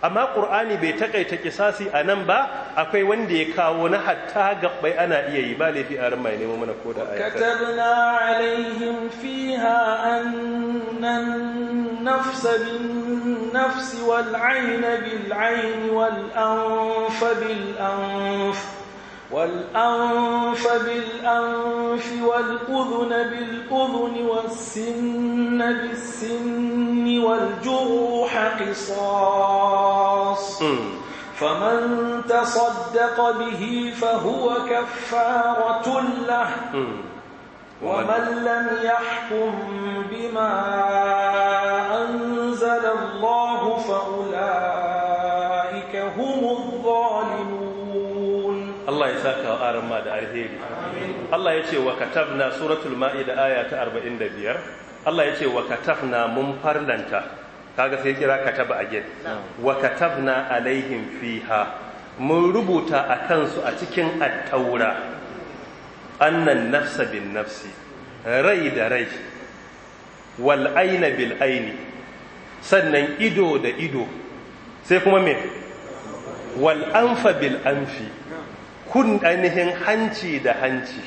amma ƙur'ani bai taƙaita ƙisasi a nan ba akwai wanda ya kawo na hatta gabbai ana iya yi ba laifi a ran mai nemo mana ko da ayata katabna alaihim fiha annan nafs bin nafs wal ayn bil ayn wal anf bil anf والأنف بالأنف والأذن بالأذن والسن بالسن والجروح قصاص فمن تصدق به فهو كفارة له ومن لم يحكم بما aran ma da alheri Allah ya ce wa katabna suratul ma'ida aya ta 45 Allah ya ce wa katabna mun farlanta kaga sai kira kataba again wa katabna alaihim fiha mun rubuta a kansu a cikin attaura annan nafsa bin nafsi rai da rai wal aina bil aini sannan ido da ido sai kuma me wal anfa bil anfi kun ainihin hanci da hanci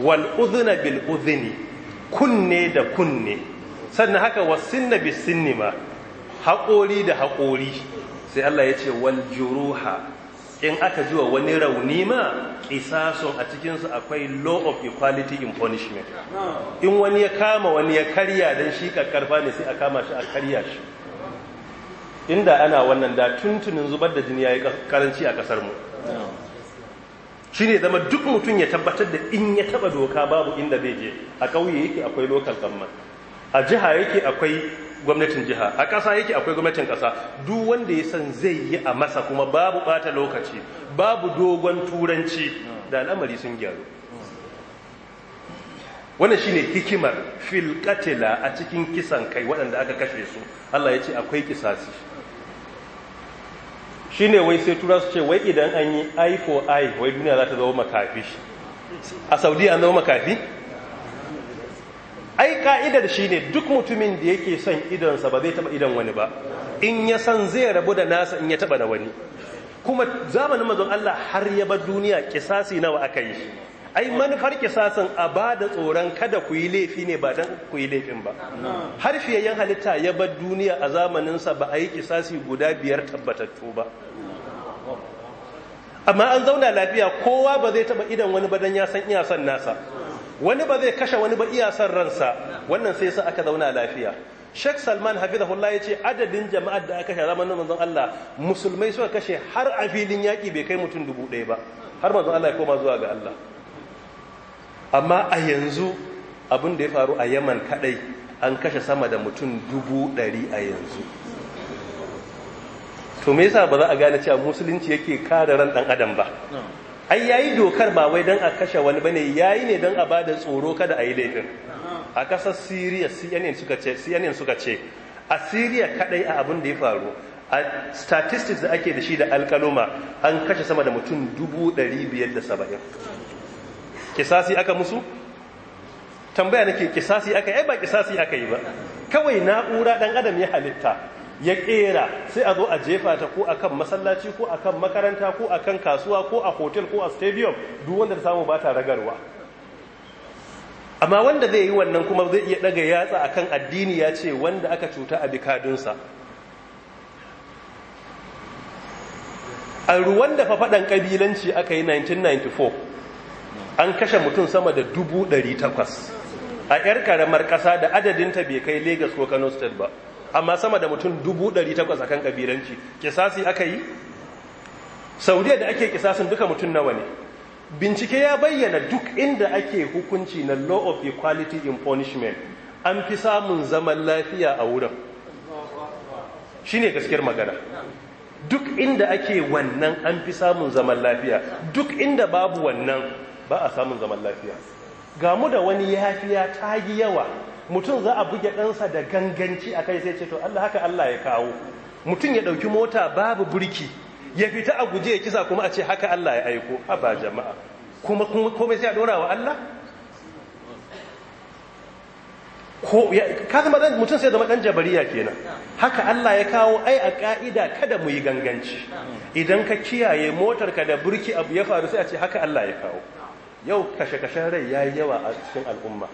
wal udhuna bil udhuni kunne da kunne sannan haka wasinna bis sinni ma haƙori da haƙori sai Allah ya ce wal juruha in aka jiwa wani rauni ma ƙisasun a cikinsu akwai law of equality in punishment in wani ya kama wani ya karya don shi ƙarfa ne sai a kama shi a karya shi inda ana wannan da tuntunin zubar da jini ya yi karanci a ƙasarmu Shi ne zama duk mutum ya tabbatar da in ya taba doka babu inda zai je a ƙauye yake akwai local government a jiha yake akwai gwamnatin jiha a ƙasa yake akwai gwamnatin ƙasa duk wanda ya san zai yi a masa kuma babu ɓata lokaci babu dogon turanci da al'amari sun gyaru wannan ne hikimar fil a cikin kisan kai waɗanda aka kashe su Allah ya ce akwai kisasi Shi ne wai sai tura su ce wai idan an yi I for I wai duniya za ta zama makafi a saudi an zama makafi ai ka'idar shi ne duk mutumin da yake son idonsa ba zai taba idon wani ba in ya san zai rabu da nasa in ya taba da wani kuma zamanin mazan Allah har ya ba duniya kisasi nawa aka yi ai manufar kisasin a ba da tsoron kada ku yi laifi ne ba don ku yi laifin ba har fiyayyen halitta ya bar duniya a zamaninsa ba a yi kisasi guda biyar tabbatattu ba amma an zauna lafiya kowa ba zai taba idan wani badan ya san iyasan nasa wani ba zai kashe wani ba iyasan ransa wannan sai sa aka zauna lafiya Sheikh Salman Hafizahullah ya ce adadin jama'ar da aka kashe zamanin manzon Allah musulmai suka kashe har a filin yaƙi bai kai mutum dubu ɗaya ba har manzon Allah ya koma zuwa ga Allah amma a yanzu abin da ya faru a yaman kadai an kashe sama da mutum dubu ɗari a yanzu to me yasa ba za a gane cewa musulunci yake kare ran dan adam ba ai yayi dokar ba wai dan a kashe wani bane yayi ne dan a bada tsoro kada a yi laifin a kasar Siriya CNN suka ce CNN suka ce a Syria kadai a abin da ya faru a statistics da ake da shi da alkaloma an kashe sama da mutum dubu biyar da saba'in. kisasi aka musu tambaya nake kisasi aka yi ba kisasi aka yi ba kawai na'ura dan adam ya halitta ya kera sai a zo a jefa ta ko akan masallaci ko akan makaranta ko akan kasuwa ko a hotel ko a stadium duk wanda ta samu ba ta ragarwa amma wanda zai yi wannan kuma zai iya daga yatsa akan addini ya ce wanda aka cuta a bikadunsa a ruwan da fafaɗan ƙabilanci aka yi 1994 an kashe mutum sama da dubu ɗari takwas a 'yar karamar ƙasa da adadin ta bai kai Legas ko Kano State ba amma sama da mutum dubu ɗari takwas akan kabilanci kisasi aka yi saudiya da ake kisasin duka mutum nawa ne bincike ya bayyana duk inda ake hukunci na law of equality in punishment an fi samun zaman lafiya a wurin Shi ne gaskiyar magana duk inda ake wannan an fi samun zaman lafiya duk inda babu wannan ba a samun zaman lafiya ga mu da wani yafiya ta yi yawa mutum za a buge ɗansa da ganganci a kai sai ce to Allah haka Allah ya kawo mutum ya ɗauki mota babu burki ya fita a guje ya kisa kuma a ce haka Allah ya aiko a ba jama'a kuma komai sai a ɗora wa Allah zama mutum sai zama ɗan jabariya kenan haka Allah ya kawo ai a ƙa'ida kada mu yi ganganci idan ka kiyaye motarka da burki abu ya faru sai a ce haka Allah ya kawo yau kashe-kashen rai ya yi yawa a cikin al'umma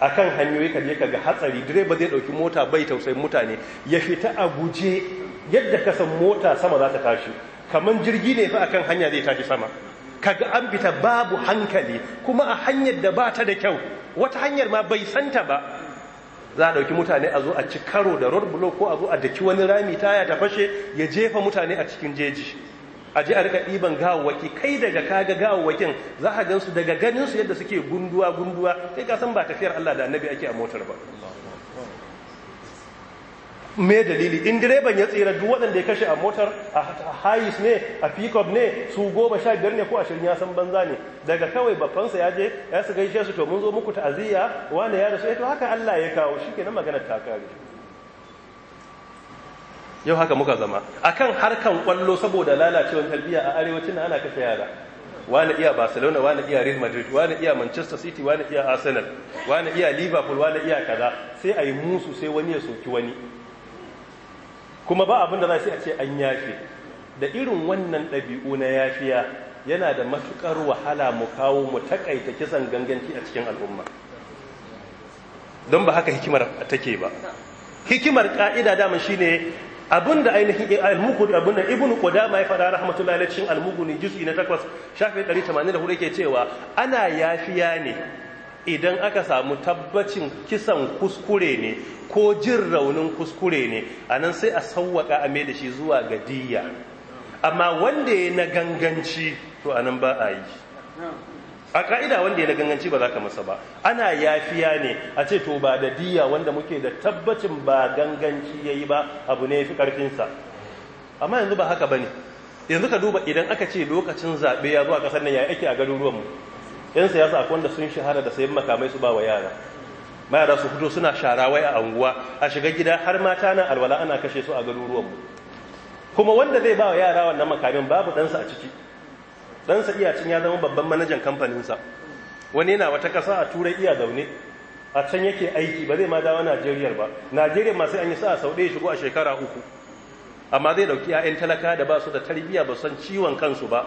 a kan hanyoyi kaje ka ga hatsari direba zai ɗauki mota bai tausayin mutane ya fita a guje yadda ka san mota sama za ta tashi kamar jirgi ne fa akan hanya zai tashi sama kaga an fita babu hankali kuma a hanyar da ba ta da kyau wata hanyar ma bai santa ba za a ɗauki mutane a zo a ci karo da road bulo ko a zo a daki wani rami taya ta fashe ya jefa mutane a cikin jeji a ji a rika ɗiban gawawwaki kai daga kaga gawawwakin za a gansu daga ganin su yadda suke gunduwa gunduwa kai ka san ba tafiyar Allah da annabi ake a motar ba me dalili in direban ya tsira duk waɗanda ya kashe a motar a hayis ne a pickup ne su goma sha biyar ne ko ashirin ya san banza ne daga kawai babbansa ya je ya su gaishe su to mun zo muku ta'aziyya wane ya rasu eh, to haka Allah ya kawo shi kenan maganar ta kare yau haka muka zama a kan harkan kwallo saboda lalacewar tarbiyya a arewacin na ana kashe yara wani iya barcelona wani iya real madrid wani iya manchester city wani iya arsenal wani iya liverpool wani iya kaza sai a yi musu sai wani ya soki wani kuma ba abin da za su a ce an yafe da irin wannan ɗabi'u na yafiya yana da matuƙar wahala mu kawo mu takaita kisan ganganci a cikin al'umma don ba haka hikimar take ba hikimar ƙa'ida dama shine Abin da ainihin abin da ibnu qudama ya fada rahmatullahi alaihi cikin almuguni juz'i na 8 shafi 184 yake cewa ana yafiya ne idan aka samu tabbacin kisan kuskure ne ko jin raunin kuskure ne anan sai a sawwaka a mai da shi zuwa ga amma wanda ya na ganganci to anan ba a yi a ka'ida wanda ya na ganganci ba za ka masa ba ana yafiya ne a ce to ba da diya wanda muke da tabbacin ba ganganci ya yi ba abu ne ya fi ƙarfinsa amma yanzu ba haka ba ne yanzu ka duba idan aka ce lokacin zaɓe ya zo ƙasar nan ya ake a garuruwanmu yan siyasa akwai wanda sun shahara da sayan makamai su ba wa yara mayara su fito suna sharawai a anguwa a shiga gida har mata na alwala ana kashe su a garuruwanmu kuma wanda zai ba wa yara wannan makamin babu ɗansa a ciki ɗansa iyacin ya zama babban manajan kamfaninsa wani yana wata ƙasa a turai iya zaune a can yake aiki ba zai ma dawo najeriya ba najeriya masu an yi sa sau ɗaya shigo a shekara uku amma zai ɗauki 'ya'yan talaka da ba su da tarbiyya ba san ciwon kansu ba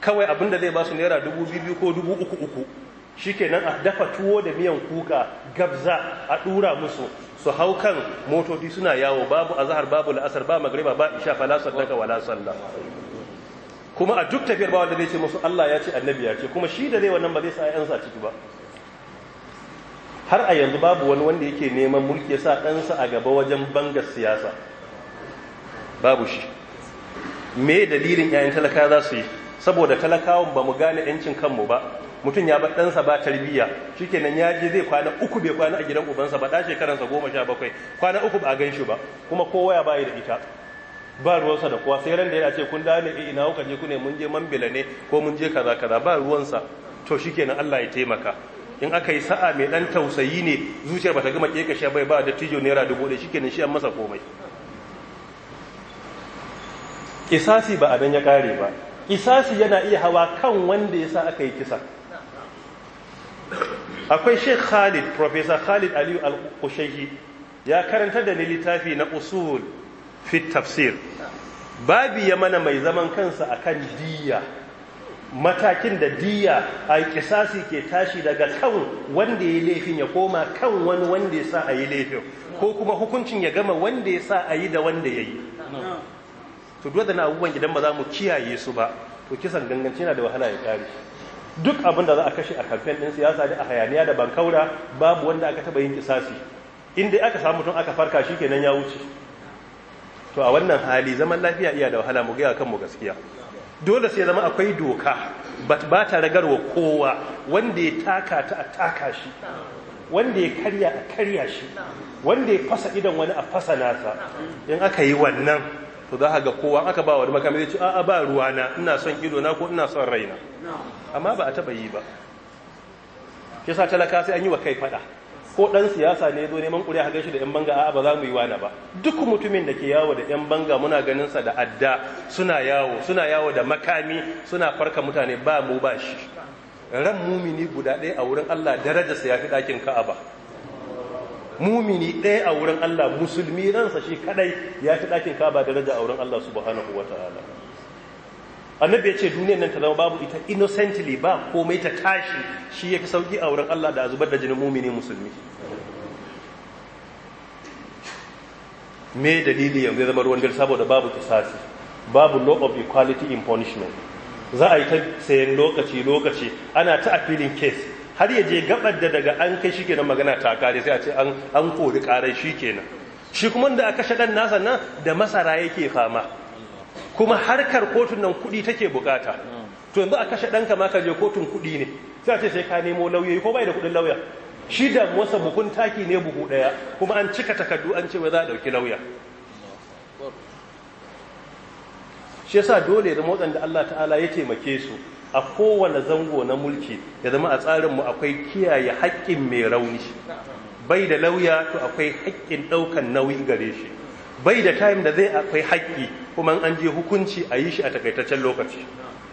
kawai abin da zai ba su naira dubu biyu ko dubu uku uku shi kenan a dafa tuwo da miyan kuka gabza a ɗura musu su hau kan motoci suna yawo babu azahar babu la'asar ba magriba ba isha fala sallaka wala sallah kuma a duk tafiyar ba wanda zai ce musu Allah ya ce annabi ya ce kuma shi da zai wannan ba zai sa 'yansa ciki ba har a yanzu babu wani wanda yake neman mulki sa ɗansa a gaba wajen banga siyasa babu shi me dalilin ƴaƴan talaka za su yi saboda talakawan ba mu gane ƴancin kanmu ba mutum ya bar ɗansa ba tarbiyya shikenan ya je zai kwana uku bai kwana a gidan ubansa ba ɗan shekaransa goma sha bakwai kwana uku ba a gan shi ba kuma kowa ya bayi da ita ba ruwansa da kowa sai ran da yana ce kun da ne eh, ina kuka je ku ne mun je mambila ne ko mun je kaza kaza ba ruwansa to shikenan Allah ya taimaka in aka yi sa'a mai dan tausayi ne zuciyar bata gama kekashe bai ba da tijo naira dubu ɗaya shikenan shi an masa komai kisasi ba abin ya kare ba kisasi yana iya hawa kan wanda yasa aka yi kisa akwai Sheikh Khalid Professor Khalid Aliyu Al-Qushayhi ya karanta da ni littafi na usul fit tafsir babi ya mana mai zaman kansa akan diya matakin da diya a kisasi ke tashi daga kan wanda ya laifin ya koma kan wani wanda ya sa a yi laifin ko kuma hukuncin ya gama wanda ya sa a yi da wanda ya yi to duk na abubuwan idan ba za mu kiyaye su ba to kisan ganganci na da wahala ya kare duk abin da za a kashe a kamfen din siyasa da a hayaniya da bankaura babu wanda aka taɓa yin kisasi inda dai aka samu tun aka farka shi kenan ya wuce to a wannan hali zaman lafiya iya da wahala mu gaya kanmu gaskiya dole sai zama akwai doka ba ta ragarwa kowa wanda ya taka ta a taka shi wanda ya karya a karya shi wanda ya fasa idan wani a fasa nasa in aka yi wannan to za ga kowa aka ba wa wani makamai zai ce a'a ba ruwana ina son ido na ko ina son raina amma ba a taba yi ba shi sa talaka sai an yi wa kai fada ko dan siyasa ne zo neman kuri a shi da yan banga a'a ba za mu yi wani ba duk mutumin da ke yawo da yan banga muna ganin sa da adda suna yawo suna yawo da makami suna farka mutane ba mu ba shi ran mumini guda ɗaya a wurin Allah sa ya fi ɗakin Ka'aba mumini ɗaya a wurin Allah musulmi ransa shi kadai ya fi ɗakin Ka'aba daraja a wurin Allah subhanahu wataala annabi ya ce duniyar nan ta zama babu ita innocently ba komai ta tashi shi ya fi sauki a wurin Allah da zubar da jinin mumini musulmi me dalili yanzu zama ruwan dare saboda babu kisasi babu law of equality in punishment za a yi ta sayan lokaci lokaci ana ta appealing case har yaje gabar da daga an kai shi kenan magana ta kare sai a ce an kori karai shi kenan shi kuma da aka shaɗan nasa nan da masara yake fama kuma harkar kotun nan kuɗi take bukata to yanzu a kashe ɗanka ma ka je kotun kuɗi ne sai a ce sai ka nemo lauyoyi ko bai da kuɗin lauya shi da wasa bukun taki ne buhu ɗaya kuma an cika takaddu an ce wai za a ɗauki lauya shi yasa dole da motsan da Allah ta'ala ya taimake su a kowane zango na mulki ya zama a tsarin mu akwai kiyaye haƙƙin mai rauni bai da lauya to akwai haƙƙin ɗaukan nauyi gare shi bai da time da zai akwai haƙƙi kuma an je hukunci a yi shi a takaitaccen lokaci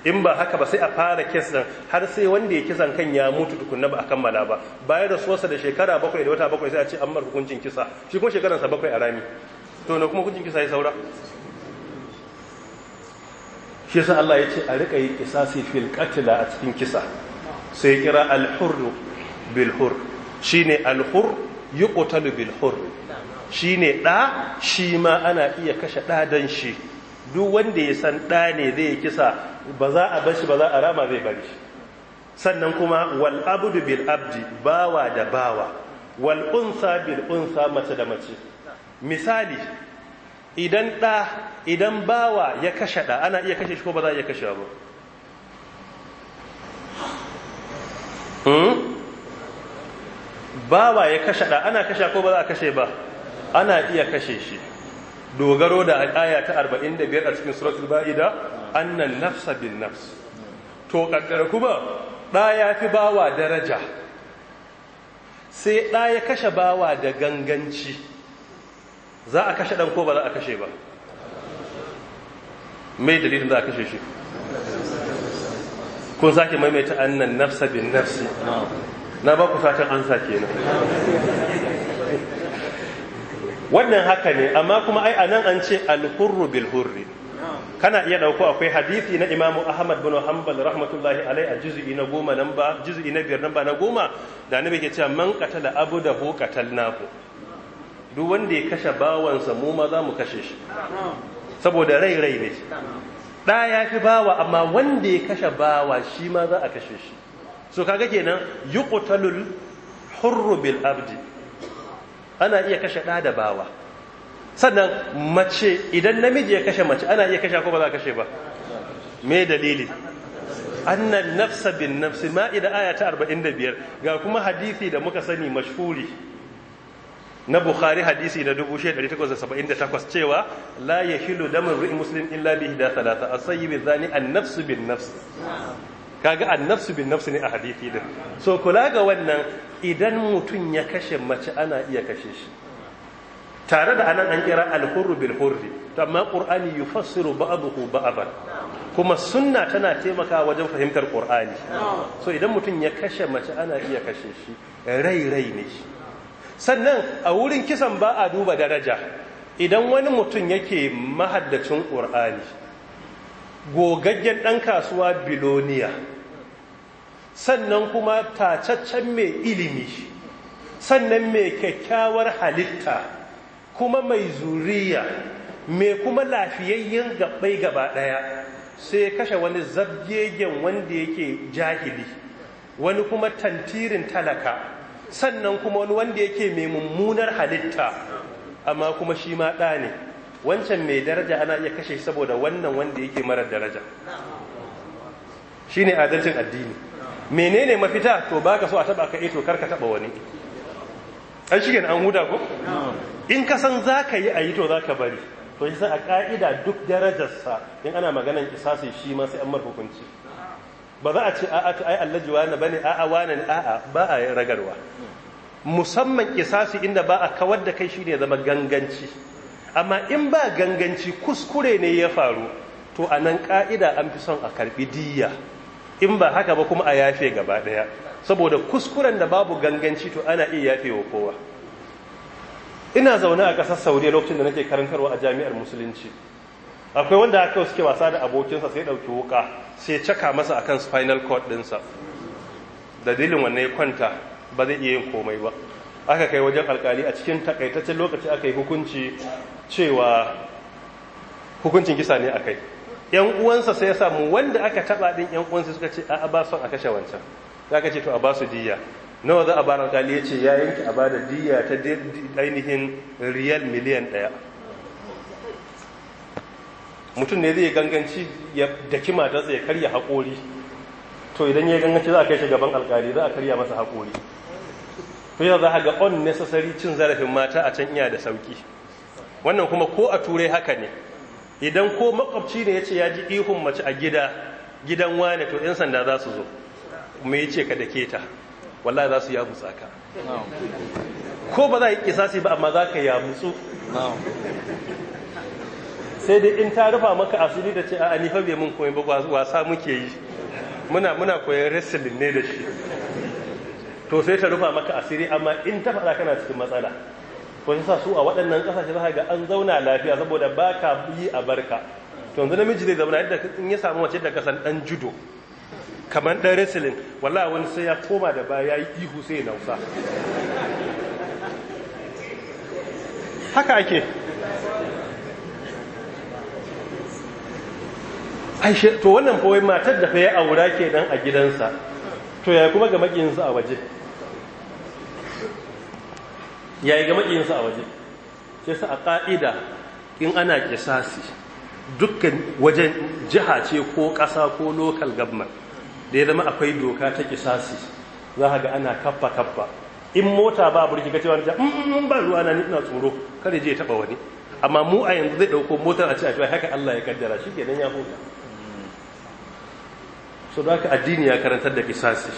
in ba haka ba sai a fara din har sai wanda ya kisan kan ya mutu tukunna ba a kammala ba bayan da sosa da shekara bakwai da wata bakwai sai a ce an mar hukuncin kisa shi kuma sa bakwai a rami to na kuma hukuncin kisa ya saura shi yasa Allah ya ce a rika yi sai fil qatla a cikin kisa sai kira al-hurr bil hurr shine al-hurr yuqtalu bil hurr shi ne ɗa shi ma ana iya kashe ɗa shi duk wanda ya san ɗa ne zai kisa ba za a bashi ba za a rama zai bari sannan kuma wal abudu bil abdi bawa da bawa wal unsa bil unsa mace da mace misali idan ɗa idan bawa ya kashe ɗa ana iya kashe shi ko ba za a iya kashe ba hmm? bawa ya kashe ɗa ana kashe ko ba za a kashe ba ana iya kashe shi dogaro da aya ta 45 a cikin suratul ba'ida annan nafsa bin nafs to kaddar kuma da ya fi bawa daraja sai da ya kashe bawa da ganganci za a kashe dan ko ba za a kashe ba mai dalilin za a kashe shi kun sake maimaita annan nafsa bin nafsi na ba ku fatan an sake na wannan haka ne amma kuma ai anan an ce alhurru bil hurri kana iya dauko akwai hadisi na imamu ahmad bin hanbal rahmatullahi alai a juz'i na goma nan ba juz'i na biyar nan ba na goma da nabi ke cewa man qatala abu da hu qatalnahu duk wanda ya kashe bawansa mu ma za mu kashe shi saboda rai rai ne da ya fi bawa amma wanda ya kashe bawa shi ma za a kashe shi so kaga kenan yuqtalul hurru bil abdi ana iya kashe ɗa da bawa sannan mace idan namiji ya kashe mace ana iya kashe ko ba za a kashe ba me dalili annan nafsa bin nafsi ma'ida aya ta 45 ga kuma hadisi da muka sani mashhuri na bukhari hadisi na 1878 cewa la yahilu damar ri'in musulun illa bi hida thalatha as-sayyib zani an-nafsu bin Ka kaga an-nafsu bin nafsi ne a hadisi din so kula ga wannan idan mutum ya kashe mace ana iya kashe shi tare da anan an kira alhurru bil hurri to amma qur'ani yufassiru ba'dahu ba'dan kuma sunna tana taimaka wajen fahimtar qur'ani so idan mutum ya kashe mace ana iya kashe shi rai rai ne shi sannan a wurin kisan ba a duba daraja idan wani mutum yake mahaddacin qur'ani gogaggen dan kasuwa biloniya sannan kuma tacaccen mai ilimi sannan mai kyakkyawar halitta kuma mai zuriya mai kuma lafiyayyen gabbai gaba ɗaya sai kashe wani zabgegen wanda yake jahili wani kuma tantirin talaka sannan kuma wani wanda yake mai mummunar halitta amma kuma shi ma ɗa ne wancan mai daraja ana iya kashe saboda wannan wanda yake marar daraja shi ne adalcin addini menene mafita to ba so a taba ka ito eh, karka taba wani an shi an huda ko in ka san za ka yi ayi to za ka bari to shi a ka'ida duk darajarsa in ana maganan isasi shi ma sai hukunci ba za a ce a'a to ai allaji wani bane a'a a a'a ba a ragarwa musamman isasi inda ba a kawar da kai shi shine zama ganganci amma in ba ganganci kuskure ne ya faru to a nan ka'ida an fi son a karbi diyya in ba haka ba kuma a yafe gaba daya saboda kuskuren da babu ganganci to ana iya yafe wa kowa ina zaune a ƙasar saudiya lokacin da nake karantarwa a jami'ar musulunci akwai wanda aka suke wasa da abokinsa sai ɗauki wuka sai caka masa a kan spinal cord ɗinsa da dilin wanne ya kwanta ba zai iya yin komai ba aka kai wajen alkali a cikin takaitaccen lokaci aka yi cewa hukuncin kisa ne a kai yan uwansa sai ya samu wanda aka taba din yan uwansa suka ce a ba son a kashe wancan zaka ce to a ba su diya nawa za a ba alƙali ya ce ya yanke a bada da diya ta ainihin riyal miliyan ɗaya mutum ne zai ganganci ya daki matarsa ya karya haƙori to idan ya ganganci za a kai shi gaban alkali za a karya masa hakori, to yau za a ga on necessary cin zarafin mata a can iya da sauki wannan kuma ko a turai haka ne idan ko makwabci ne ya ce ya ji ihun mace a gida gidan wane to 'yan sanda za su zo mai ce ka da keta walla za su yamu tsaka ko ba za a yi kisasi ba amma za ka yamu su sai dai in ta rufa maka asiri da ce a nifa bai mun ba wasa muke yi muna muna koyan wrestling ne da shi to sai ta rufa maka asiri amma in ta faɗa kana cikin matsala wani sa su a waɗannan ƙasashe za ga an zauna lafiya saboda ba ka yi a barka to yanzu namiji zai zauna yadda in ya samu mace da kasan ɗan judo kamar ɗan wrestling walla wani sai ya koma da baya ya yi ihu sai ya nausa haka ake aishe to wannan fawai matar da fa ya aura kenan a gidansa to ya kuma ga makiyinsa a waje yayi ga makiyinsa a waje sai sa a ka'ida in ana kisasi dukkan wajen jiha ce ko ƙasa ko local government da ya zama akwai doka ta kisasi za ka ga ana kaffa kaffa in mota ba burki ka cewa in mm, mm, mm, ba ruwa na ina tsoro kada je ya taba wani amma mu a yanzu zai dauko motar a ce a cewa haka Allah ya kaddara shi kenan ya huta so da haka addini ya karantar da kisasi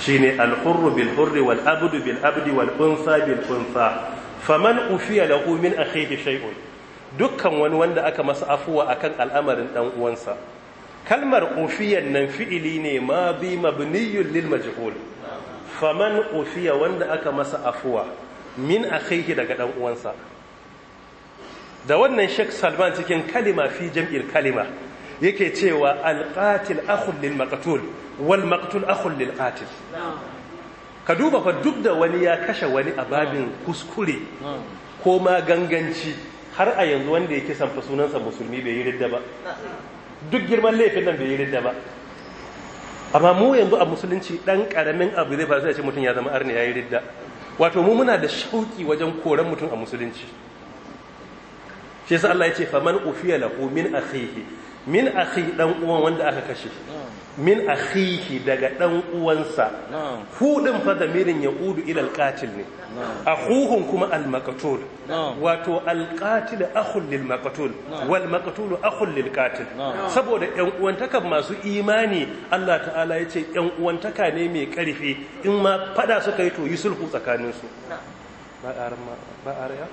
shine al-hurru bilhurri walabdu wal abdu bil abdi wal unsa faman ufiya lahu min akhihi shay'un dukkan wani wanda aka masa afuwa akan al'amarin dan uwansa kalmar ufiyan nan fi'ili ne ma bi mabniyun lil majhul faman ufiya wanda aka masa afuwa min haifi daga dan uwansa da wannan shek Salman cikin kalima fi jam'il kalima yake cewa alƙatil akhul lil maqtul wal maqtul akhul lil qatil ka duba fa duk da wani ya kashe wani a babin kuskure ko ma ganganci har a yanzu wanda yake san fa sunansa musulmi bai yi ridda ba duk girman laifin nan bai yi ridda ba amma mu yanzu a musulunci dan karamin abu zai faru sai ce mutum ya zama arni ya yi ridda wato mu muna da shauki wajen koran mutum a musulunci shi yasa Allah ya ce faman ufiya lahu min akhihi min akhi dan uwan wanda aka kashe min akhihi daga dan uwansa hu din fa damirin yaqudu ila alqatil ne akhuhum kuma almaqtul wato alqatil akhul lilmaqtul wal akhul lilqatil saboda yan uwantaka masu imani Allah ta'ala yace yan uwantaka ne mai karfi in ma fada suka yi to yi sulhu tsakaninsu ba ba abin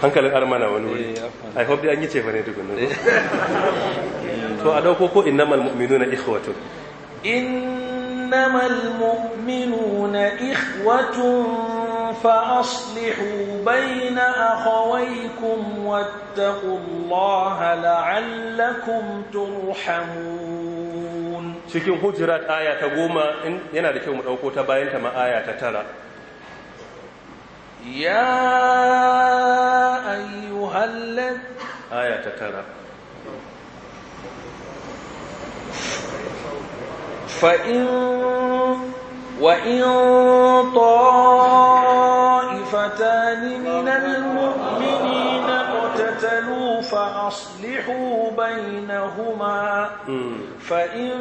hankalin armana wani wuri eh, i hope an yi ce bane tukunan eh. to a dauko ko malmuminu na ikhwatu inna malmuminu na ikhwatu fa aslihu bayna akhawaykum wattaqullaha la'allakum turhamun cikin hujurat aya ta goma yana da kyau mu dauko ta bayan ta ma aya ta tara يا أيها الذين آية ترى فإن وإن طائفتان من المؤمنين اقتتلوا فأصلحوا بينهما فإن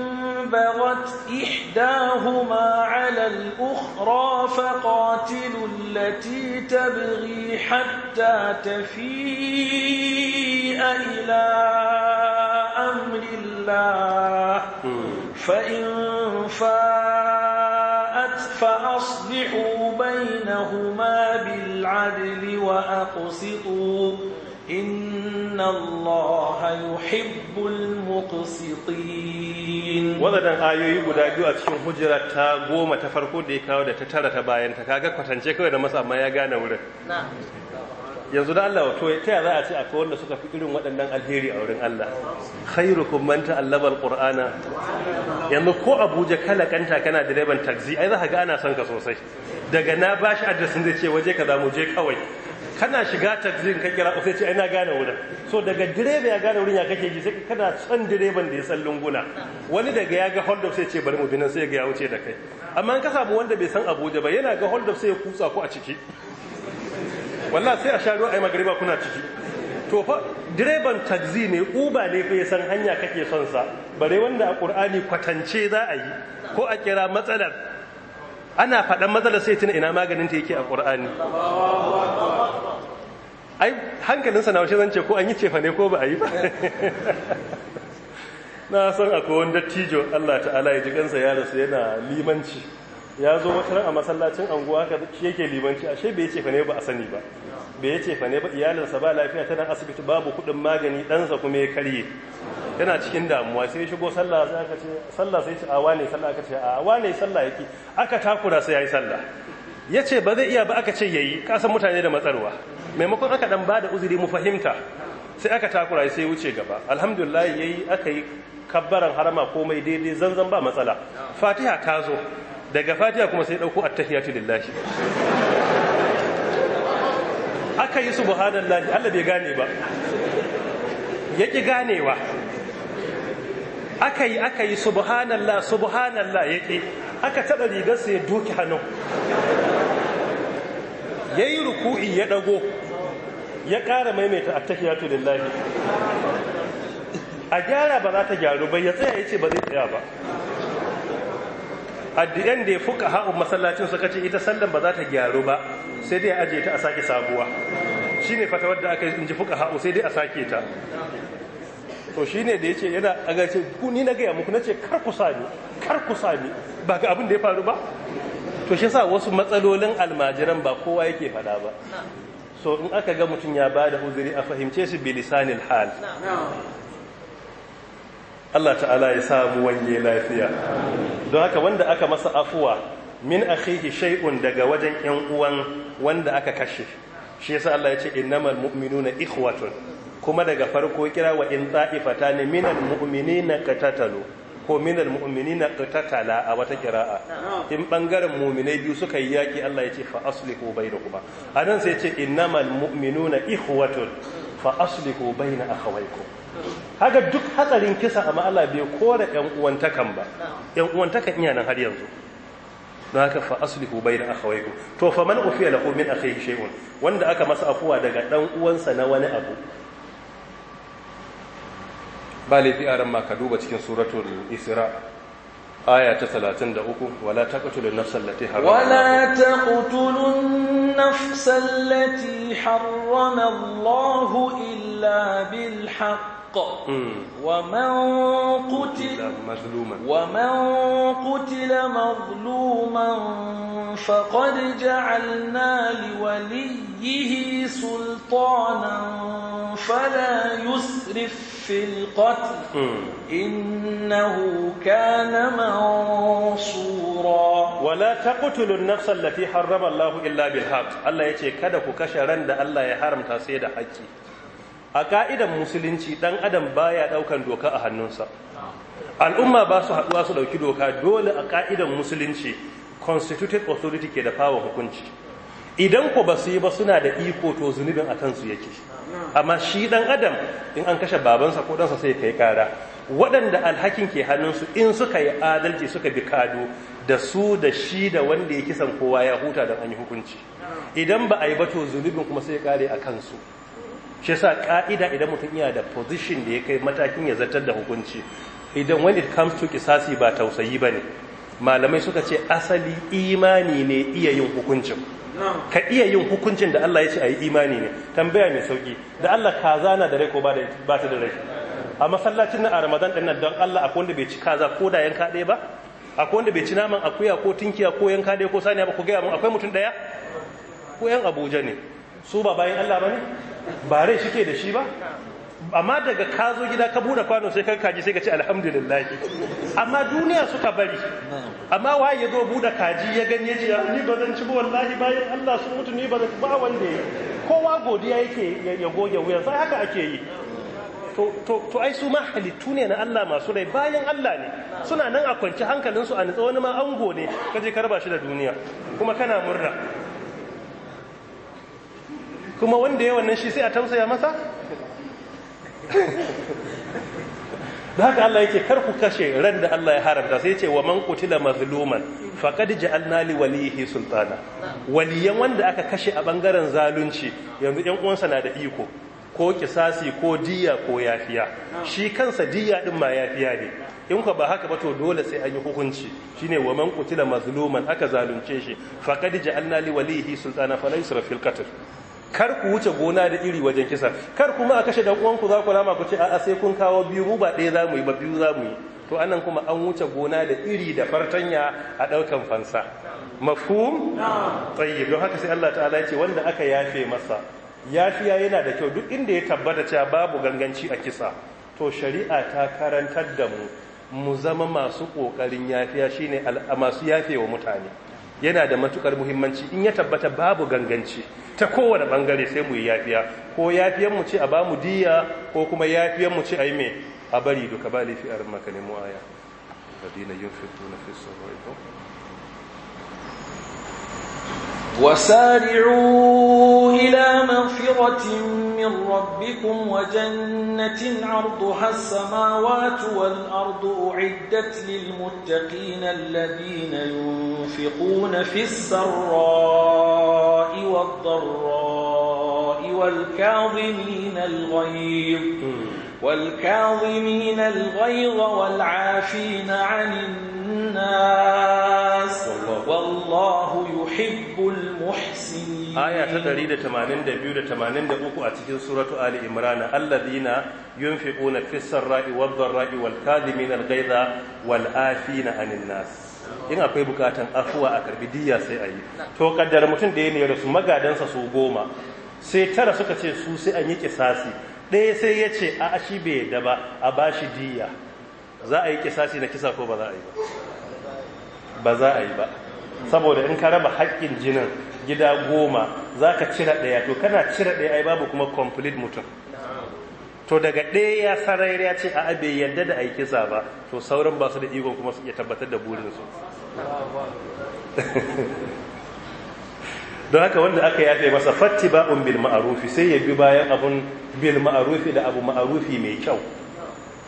بغت إحداهما على الأخرى فقاتلوا التي تبغي حتى تفيء إلى أمر الله فإن فاءت فأصلحوا بينهما بالعدل وأقسطوا inna Allah yuhibbul muqsitin wadannan ayoyi guda biyu a cikin hujjar ta goma ta farko da ya kawo da ta tara ta bayan ta kaga kwatance kawai da masa amma ya gane wurin yanzu da Allah wato ta za a ce akwai wanda suka fi irin waɗannan alheri a wurin Allah khairukum man ta'allama alqur'ana yanzu ko Abuja kala kanta kana direban taxi ai za ka ga ana son ka sosai daga na bashi addressin zai ce waje kaza mu je kawai kana shiga taxin ka kira sai ce ai gane wurin so daga direba ya gane wurin ya kake ji sai kana son direban da ya san lunguna wani daga ya ga hold up sai ce bari mu bi nan sai ga ya wuce da kai amma in ka samu wanda bai san Abuja ba yana ga hold up sai ya kutsa ku a ciki wallahi sai a sha ruwa ai magariba kuna ciki to fa direban taxi ne uba ne fa ya san hanya kake son sa bare wanda a Qur'ani kwatance za a yi ko a kira matsalar ana faɗan matsalar sai tuna ina maganin ta yake a ƙur'ani ai hankalinsa na washe zance ko an yi cefa ne ko ba a yi ba na san akwai wani dattijo Allah ta'ala ya ji kansa ya rasu yana limanci ya zo wata a masallacin anguwa ka yake limanci ashe bai cefa ne ba a sani ba bai ya ce fa ba iyalinsa ba lafiya tana asibiti babu kuɗin magani ɗansa kuma ya karye yana cikin damuwa sai shigo sallah sai aka ce awa ne sallah aka ce awa ne sallah yake aka takura sai yi sallah ya ce ba zai iya ba aka ce yayi kasan mutane da matsarwa maimakon aka dan ba da uzuri mu fahimta sai aka takura sai wuce gaba alhamdulillah yi aka yi kabbaran harama komai daidai zanzan ba matsala fatiha ta zo daga fatiha kuma sai ɗauko attahiyatu lillahi aka yi subhanallahi Allah bai gane ba ya ƙi ganewa aka yi aka yi subhanallah subhanallah ya aka taɓa rigarsa ya doki hannu. ya yi ruku'i ya ɗago ya ƙara maimaita attahiyatu lillahi a gyara ba za ta gyaru ba ya tsaya ya ce ba zai tsaya ba addiyan da ya fuka ha'un masallacin suka ce ita sallan ba za ta gyaru ba sai dai aje ta a sake sabuwa shine fatawar da aka yi inji fuka ha'u sai dai a sake ta to shine da yace yana aga ce ku ni na gaya muku nace kar ku sami kar ku sami ba ga abin da ya faru ba to shi yasa wasu matsalolin almajiran ba kowa yake faɗa ba so in aka ga mutum ya bada uzuri a fahimce su bilisanil hal Allah ta'ala ya samu wange lafiya don haka wanda aka masa afuwa min akhihi shay'un daga wajen yan uwan wanda aka kashe shi yasa Allah ya ce innamal mu'minuna ikhwatun kuma daga farko kira wa in ta'ifatan minal mu'minina katatalu ko minal mu'minina katatala a wata kira'a in bangaren mu'minai biyu suka yi yaki Allah ya ce fa aslihu bainakum anan sai ya ce innamal mu'minuna ikhwatun fa aslihu bain akhawaykum haka duk hatsarin kisa a ma'ala bai kora yan uwantakan ba yan uwantakan iya nan har yanzu don haka fa aslihu bayna akhawaykum to fa man ufiya lahu min akhihi shay'un wanda aka masa afuwa daga dan uwansa na wani abu ba laifi a ma ka duba cikin suratul isra aya ta 33 wala taqtulun nafsal lati harrama wala taqtulun nafsal lati harrama Allah illa bil haqq ومن قتل مظلوما ومن قتل مظلوما فقد جعلنا لوليه سلطانا فلا يسرف في القتل إنه كان منصورا ولا تقتلوا النفس التي حرم الله إلا بالحق الله يتي كدك كشرا الله يحرم تسيد حقي a ka'idan musulunci ɗan adam baya ɗaukan doka a hannunsa al'umma ba su haduwa su ɗauki doka dole a ka'idan musulunci constituted authority ke da fawa hukunci idan ku ba su yi ba suna da iko to zunubin a kansu yake amma shi ɗan adam in an kashe babansa ko ɗansa sai kai kara waɗanda alhakin ke hannunsu in suka yi adalci suka bi kado da su da shi da wanda ya kisan kowa ya huta da an yi hukunci idan ba a yi ba to zunubin kuma sai kare a kansu shi sa ka'ida idan mutum yana da position da ya kai matakin ya zartar da hukunci idan when it comes to kisasi ba tausayi ba ne, malamai suka ce asali imani ne iya yin hukuncin ka iya yin hukuncin da Allah ya ce a yi imani ne tambaya mai sauki da Allah kaza na da rai ko ba ta da rai a masallacin nan a Ramadan ɗin nan don Allah akwai wanda bai ci kaza ko da yanka ɗaya ba akwai wanda bai ci naman akuya ko tinkiya ko yanka ɗaya ko saniya ba ku gaya mun akwai mutum ɗaya ko yan Abuja ne su ba bayan Allah ba ne ba rai shi da shi ba amma daga ka zo gida ka bude kwano sai ka kaji sai ka ce alhamdulillah amma duniya suka bari amma waye ya zo bude kaji ya gani ya ce ah, ni ba zan ci ba wallahi bayan Allah sun mutu ni ba zan ba wanda kowa godiya yake ya goge wuya sai haka ake yi to ai su ma halittu ne na Allah masu rai bayan Allah ne suna nan a kwanci su a nitsa wani ma ango ne kaje ka raba shi da duniya kuma kana murna kuma wanda ya wannan shi sai a tausaya masa da haka Allah yake kar ku kashe ran da Allah ya haramta sai ce wa man kutila mazluman faqad ja'alna li walihi sultana waliyan wanda aka kashe a bangaren zalunci yanzu ɗan uwansa na da iko ko kisasi ko diya ko yafiya shi kansa diya din ma yafiya ne in ka ba haka ba to dole sai an yi hukunci shine wa man kutila mazluman aka zalunce shi faqad ja'alna li walihi sultana falaysa fil qatl kar ku wuce gona da iri wajen kisa kar kuma a kashe dan uwanku za ku rama ku ce a'a sai kun kawo biyu mu ba ɗaya za mu yi ba biyu za mu yi to anan kuma an wuce gona da iri da fartanya a ɗaukan fansa mafhum tayyib don haka sai Allah ta'ala ya ce wanda aka yafe masa yafiya yana da kyau duk inda ya tabbata cewa babu ganganci a kisa to shari'a ta karantar da mu mu zama masu ƙoƙarin yafiya shine masu yafe wa mutane yana da matukar muhimmanci in ya tabbata babu ganganci ta kowane bangare sai mu yi yafiya ko yafiyan mu ce a bamu diya ko kuma yafiyan mu ce a yi mai a bari duka ba laifi a ran وسارعوا إلى مغفرة من ربكم وجنة عرضها السماوات والأرض أعدت للمتقين الذين ينفقون في السراء والضراء والكاظمين الغيظ والكاظمين الغيظ والعافين عن الناس الناس والله يحب المحسنين آية تدري لتمانين دبيو لتمانين دبوكو أتكين سورة آل إمران الذين ينفقون في السراء والضراء والكاذمين wal والآفين عن الناس in akwai bukatan afuwa a karbi diyya sai a yi to kaddara mutum da ya ne su magadansa su goma sai tara suka ce su sai an yi kisasi ɗaya sai ya ce a shi bai da ba a ba shi diya za a yi kisasi na kisa ko ba za a yi ba ba za a yi ba saboda in ka raba haƙƙin jinin gida goma za ka cire ɗaya to kana cire ɗaya ai babu kuma complete mutum to daga ɗaya sarayar ya ce a abe yadda da aiki sa ba to sauran ba su da ikon kuma su iya tabbatar da burin su don haka wanda aka yafe masa fatti ba un bil ma'arufi sai ya bi bayan abun bil ma'arufi da abu ma'arufi mai kyau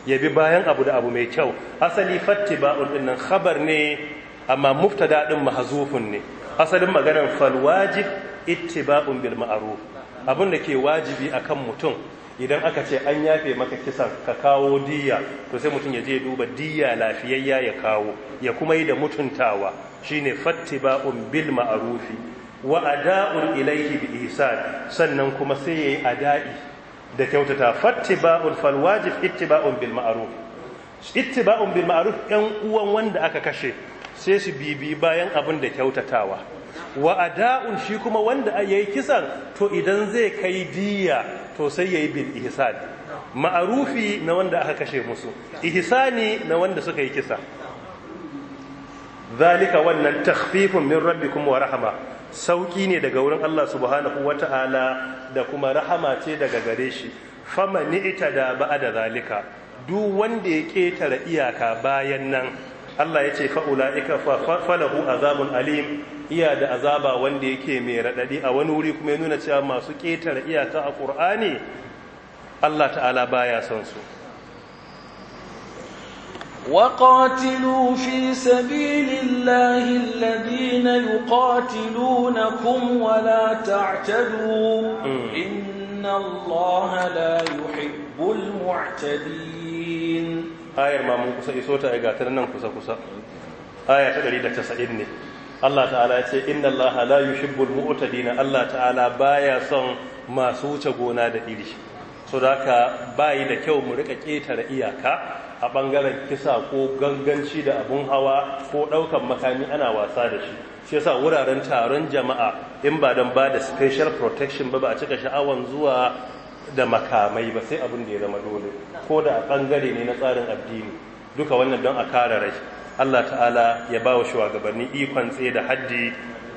ya bi bayan abu da abu mai kyau asali fatti ba un ɗinnan khabar ne amma muftada din mahzufun ne asalin maganar fal wajib ittiba'un bil ma'ruf Abun da ke wajibi akan mutum idan aka ce an yafe maka kisan ka kawo diyya, to sai mutum ya je duba diyya lafiyayya ya kawo ya kuma yi da mutuntawa shine fattiba'un bil ma'rufi wa ada'un ilayhi bi ihsan sannan kuma sai yayi ada'i da kyautata fattiba'ul fal wajib ittiba'un bil ma'ruf ittiba'un bil ma'ruf ɗan uwan wanda aka kashe sai su bibi bayan abin da kyautatawa wa ada'un shi kuma wanda yayi kisan to idan zai kai diya to sai yayi bil ihsan ma'arufi na wanda aka kashe musu ihsani na wanda suka yi kisa zalika wannan takfifin min rabbikum wa rahama sauki ne daga wurin Allah subhanahu wata'ala da kuma rahama ce daga gare shi faman ni'ta da ba'da zalika duk wanda ya ketara iyaka bayan nan Allah ya ce fa'ula'ika falahu azabun alim iya da azaba wanda yake mai raɗaɗi a wani wuri kuma ya nuna cewa masu ƙetare iyaka a ƙur'ani Allah ta'ala baya son su. وقاتلوا في سبيل الله الذين يقاتلونكم ولا تعتدوا إن الله لا يحب المعتدين ayar ma mun kusa iso ta ga nan kusa kusa aya ta 190 ne Allah ta'ala ya ce inna Allah la al-mu'tadin Allah ta'ala baya son masu wuce gona da iri so da ka bayi da kyau mu rika ketare iyaka a bangaren kisa ko ganganci da abun hawa ko daukan makami ana wasa da shi shi yasa wuraren taron jama'a in ba dan ba da special protection ba ba a cika sha'awan zuwa da makamai ba sai abin da ya zama dole ko da a bangare ne na tsarin addini duka wannan don a kare rai Allah ta'ala ya ba wa shugabanni ikon tsaye da haddi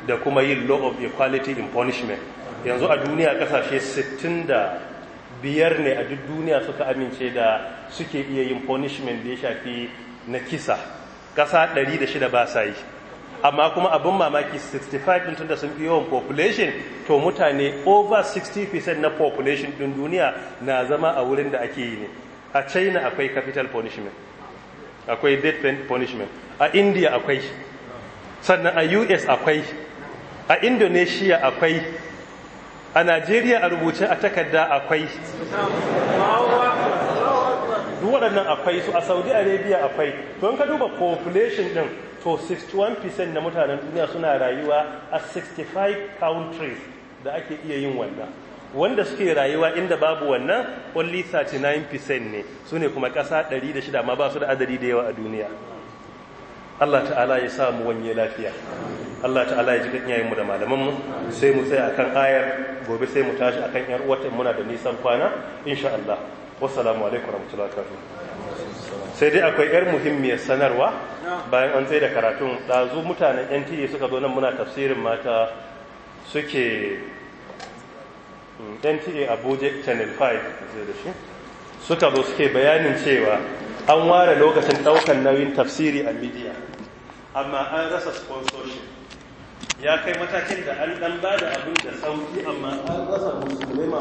da kuma yin law of equality in punishment yanzu a duniya kasashe 65 ne a duk duniya suka amince da suke iya yin punishment da ya shafi na kisa kasa 106 ba sa yi amma kuma abin mamaki 65 din tunda sun fi yawan population to mutane over 60% na population din duniya na zama a wurin da ake yi ne a china akwai capital punishment akwai death punishment a india akwai sannan a us akwai a indonesia akwai a najeriya a rubuce a takarda akwai duk waɗannan akwai su a saudi arabia akwai don ka duba population din to 61% na mutanen duniya suna rayuwa a 65 countries da ake iya yin wannan wanda suke rayuwa inda babu wannan only 39% ne su ne kuma ƙasa 106 ma ba su da adadi da yawa a duniya Allah ta'ala ya sa mu wanye lafiya Allah ta'ala ya ji kan mu da malamanmu sai mu tsaya akan ayar gobe sai mu tashi akan yar watan muna da nisan kwana insha Allah wassalamu alaikum warahmatullahi wabarakatuh sai dai akwai yar muhimmiyar sanarwa bayan an tsaye da karatun ɗazu mutanen nta suka zo nan muna tafsirin mata suke mm, nta abuja channel 5 da shi suka zo suke bayanin cewa an ware lokacin ɗaukar nauyin tafsiri a midiya amma an rasa sponsorship ya kai matakin da an ɗan ba da abin da sauki amma an rasa musulmai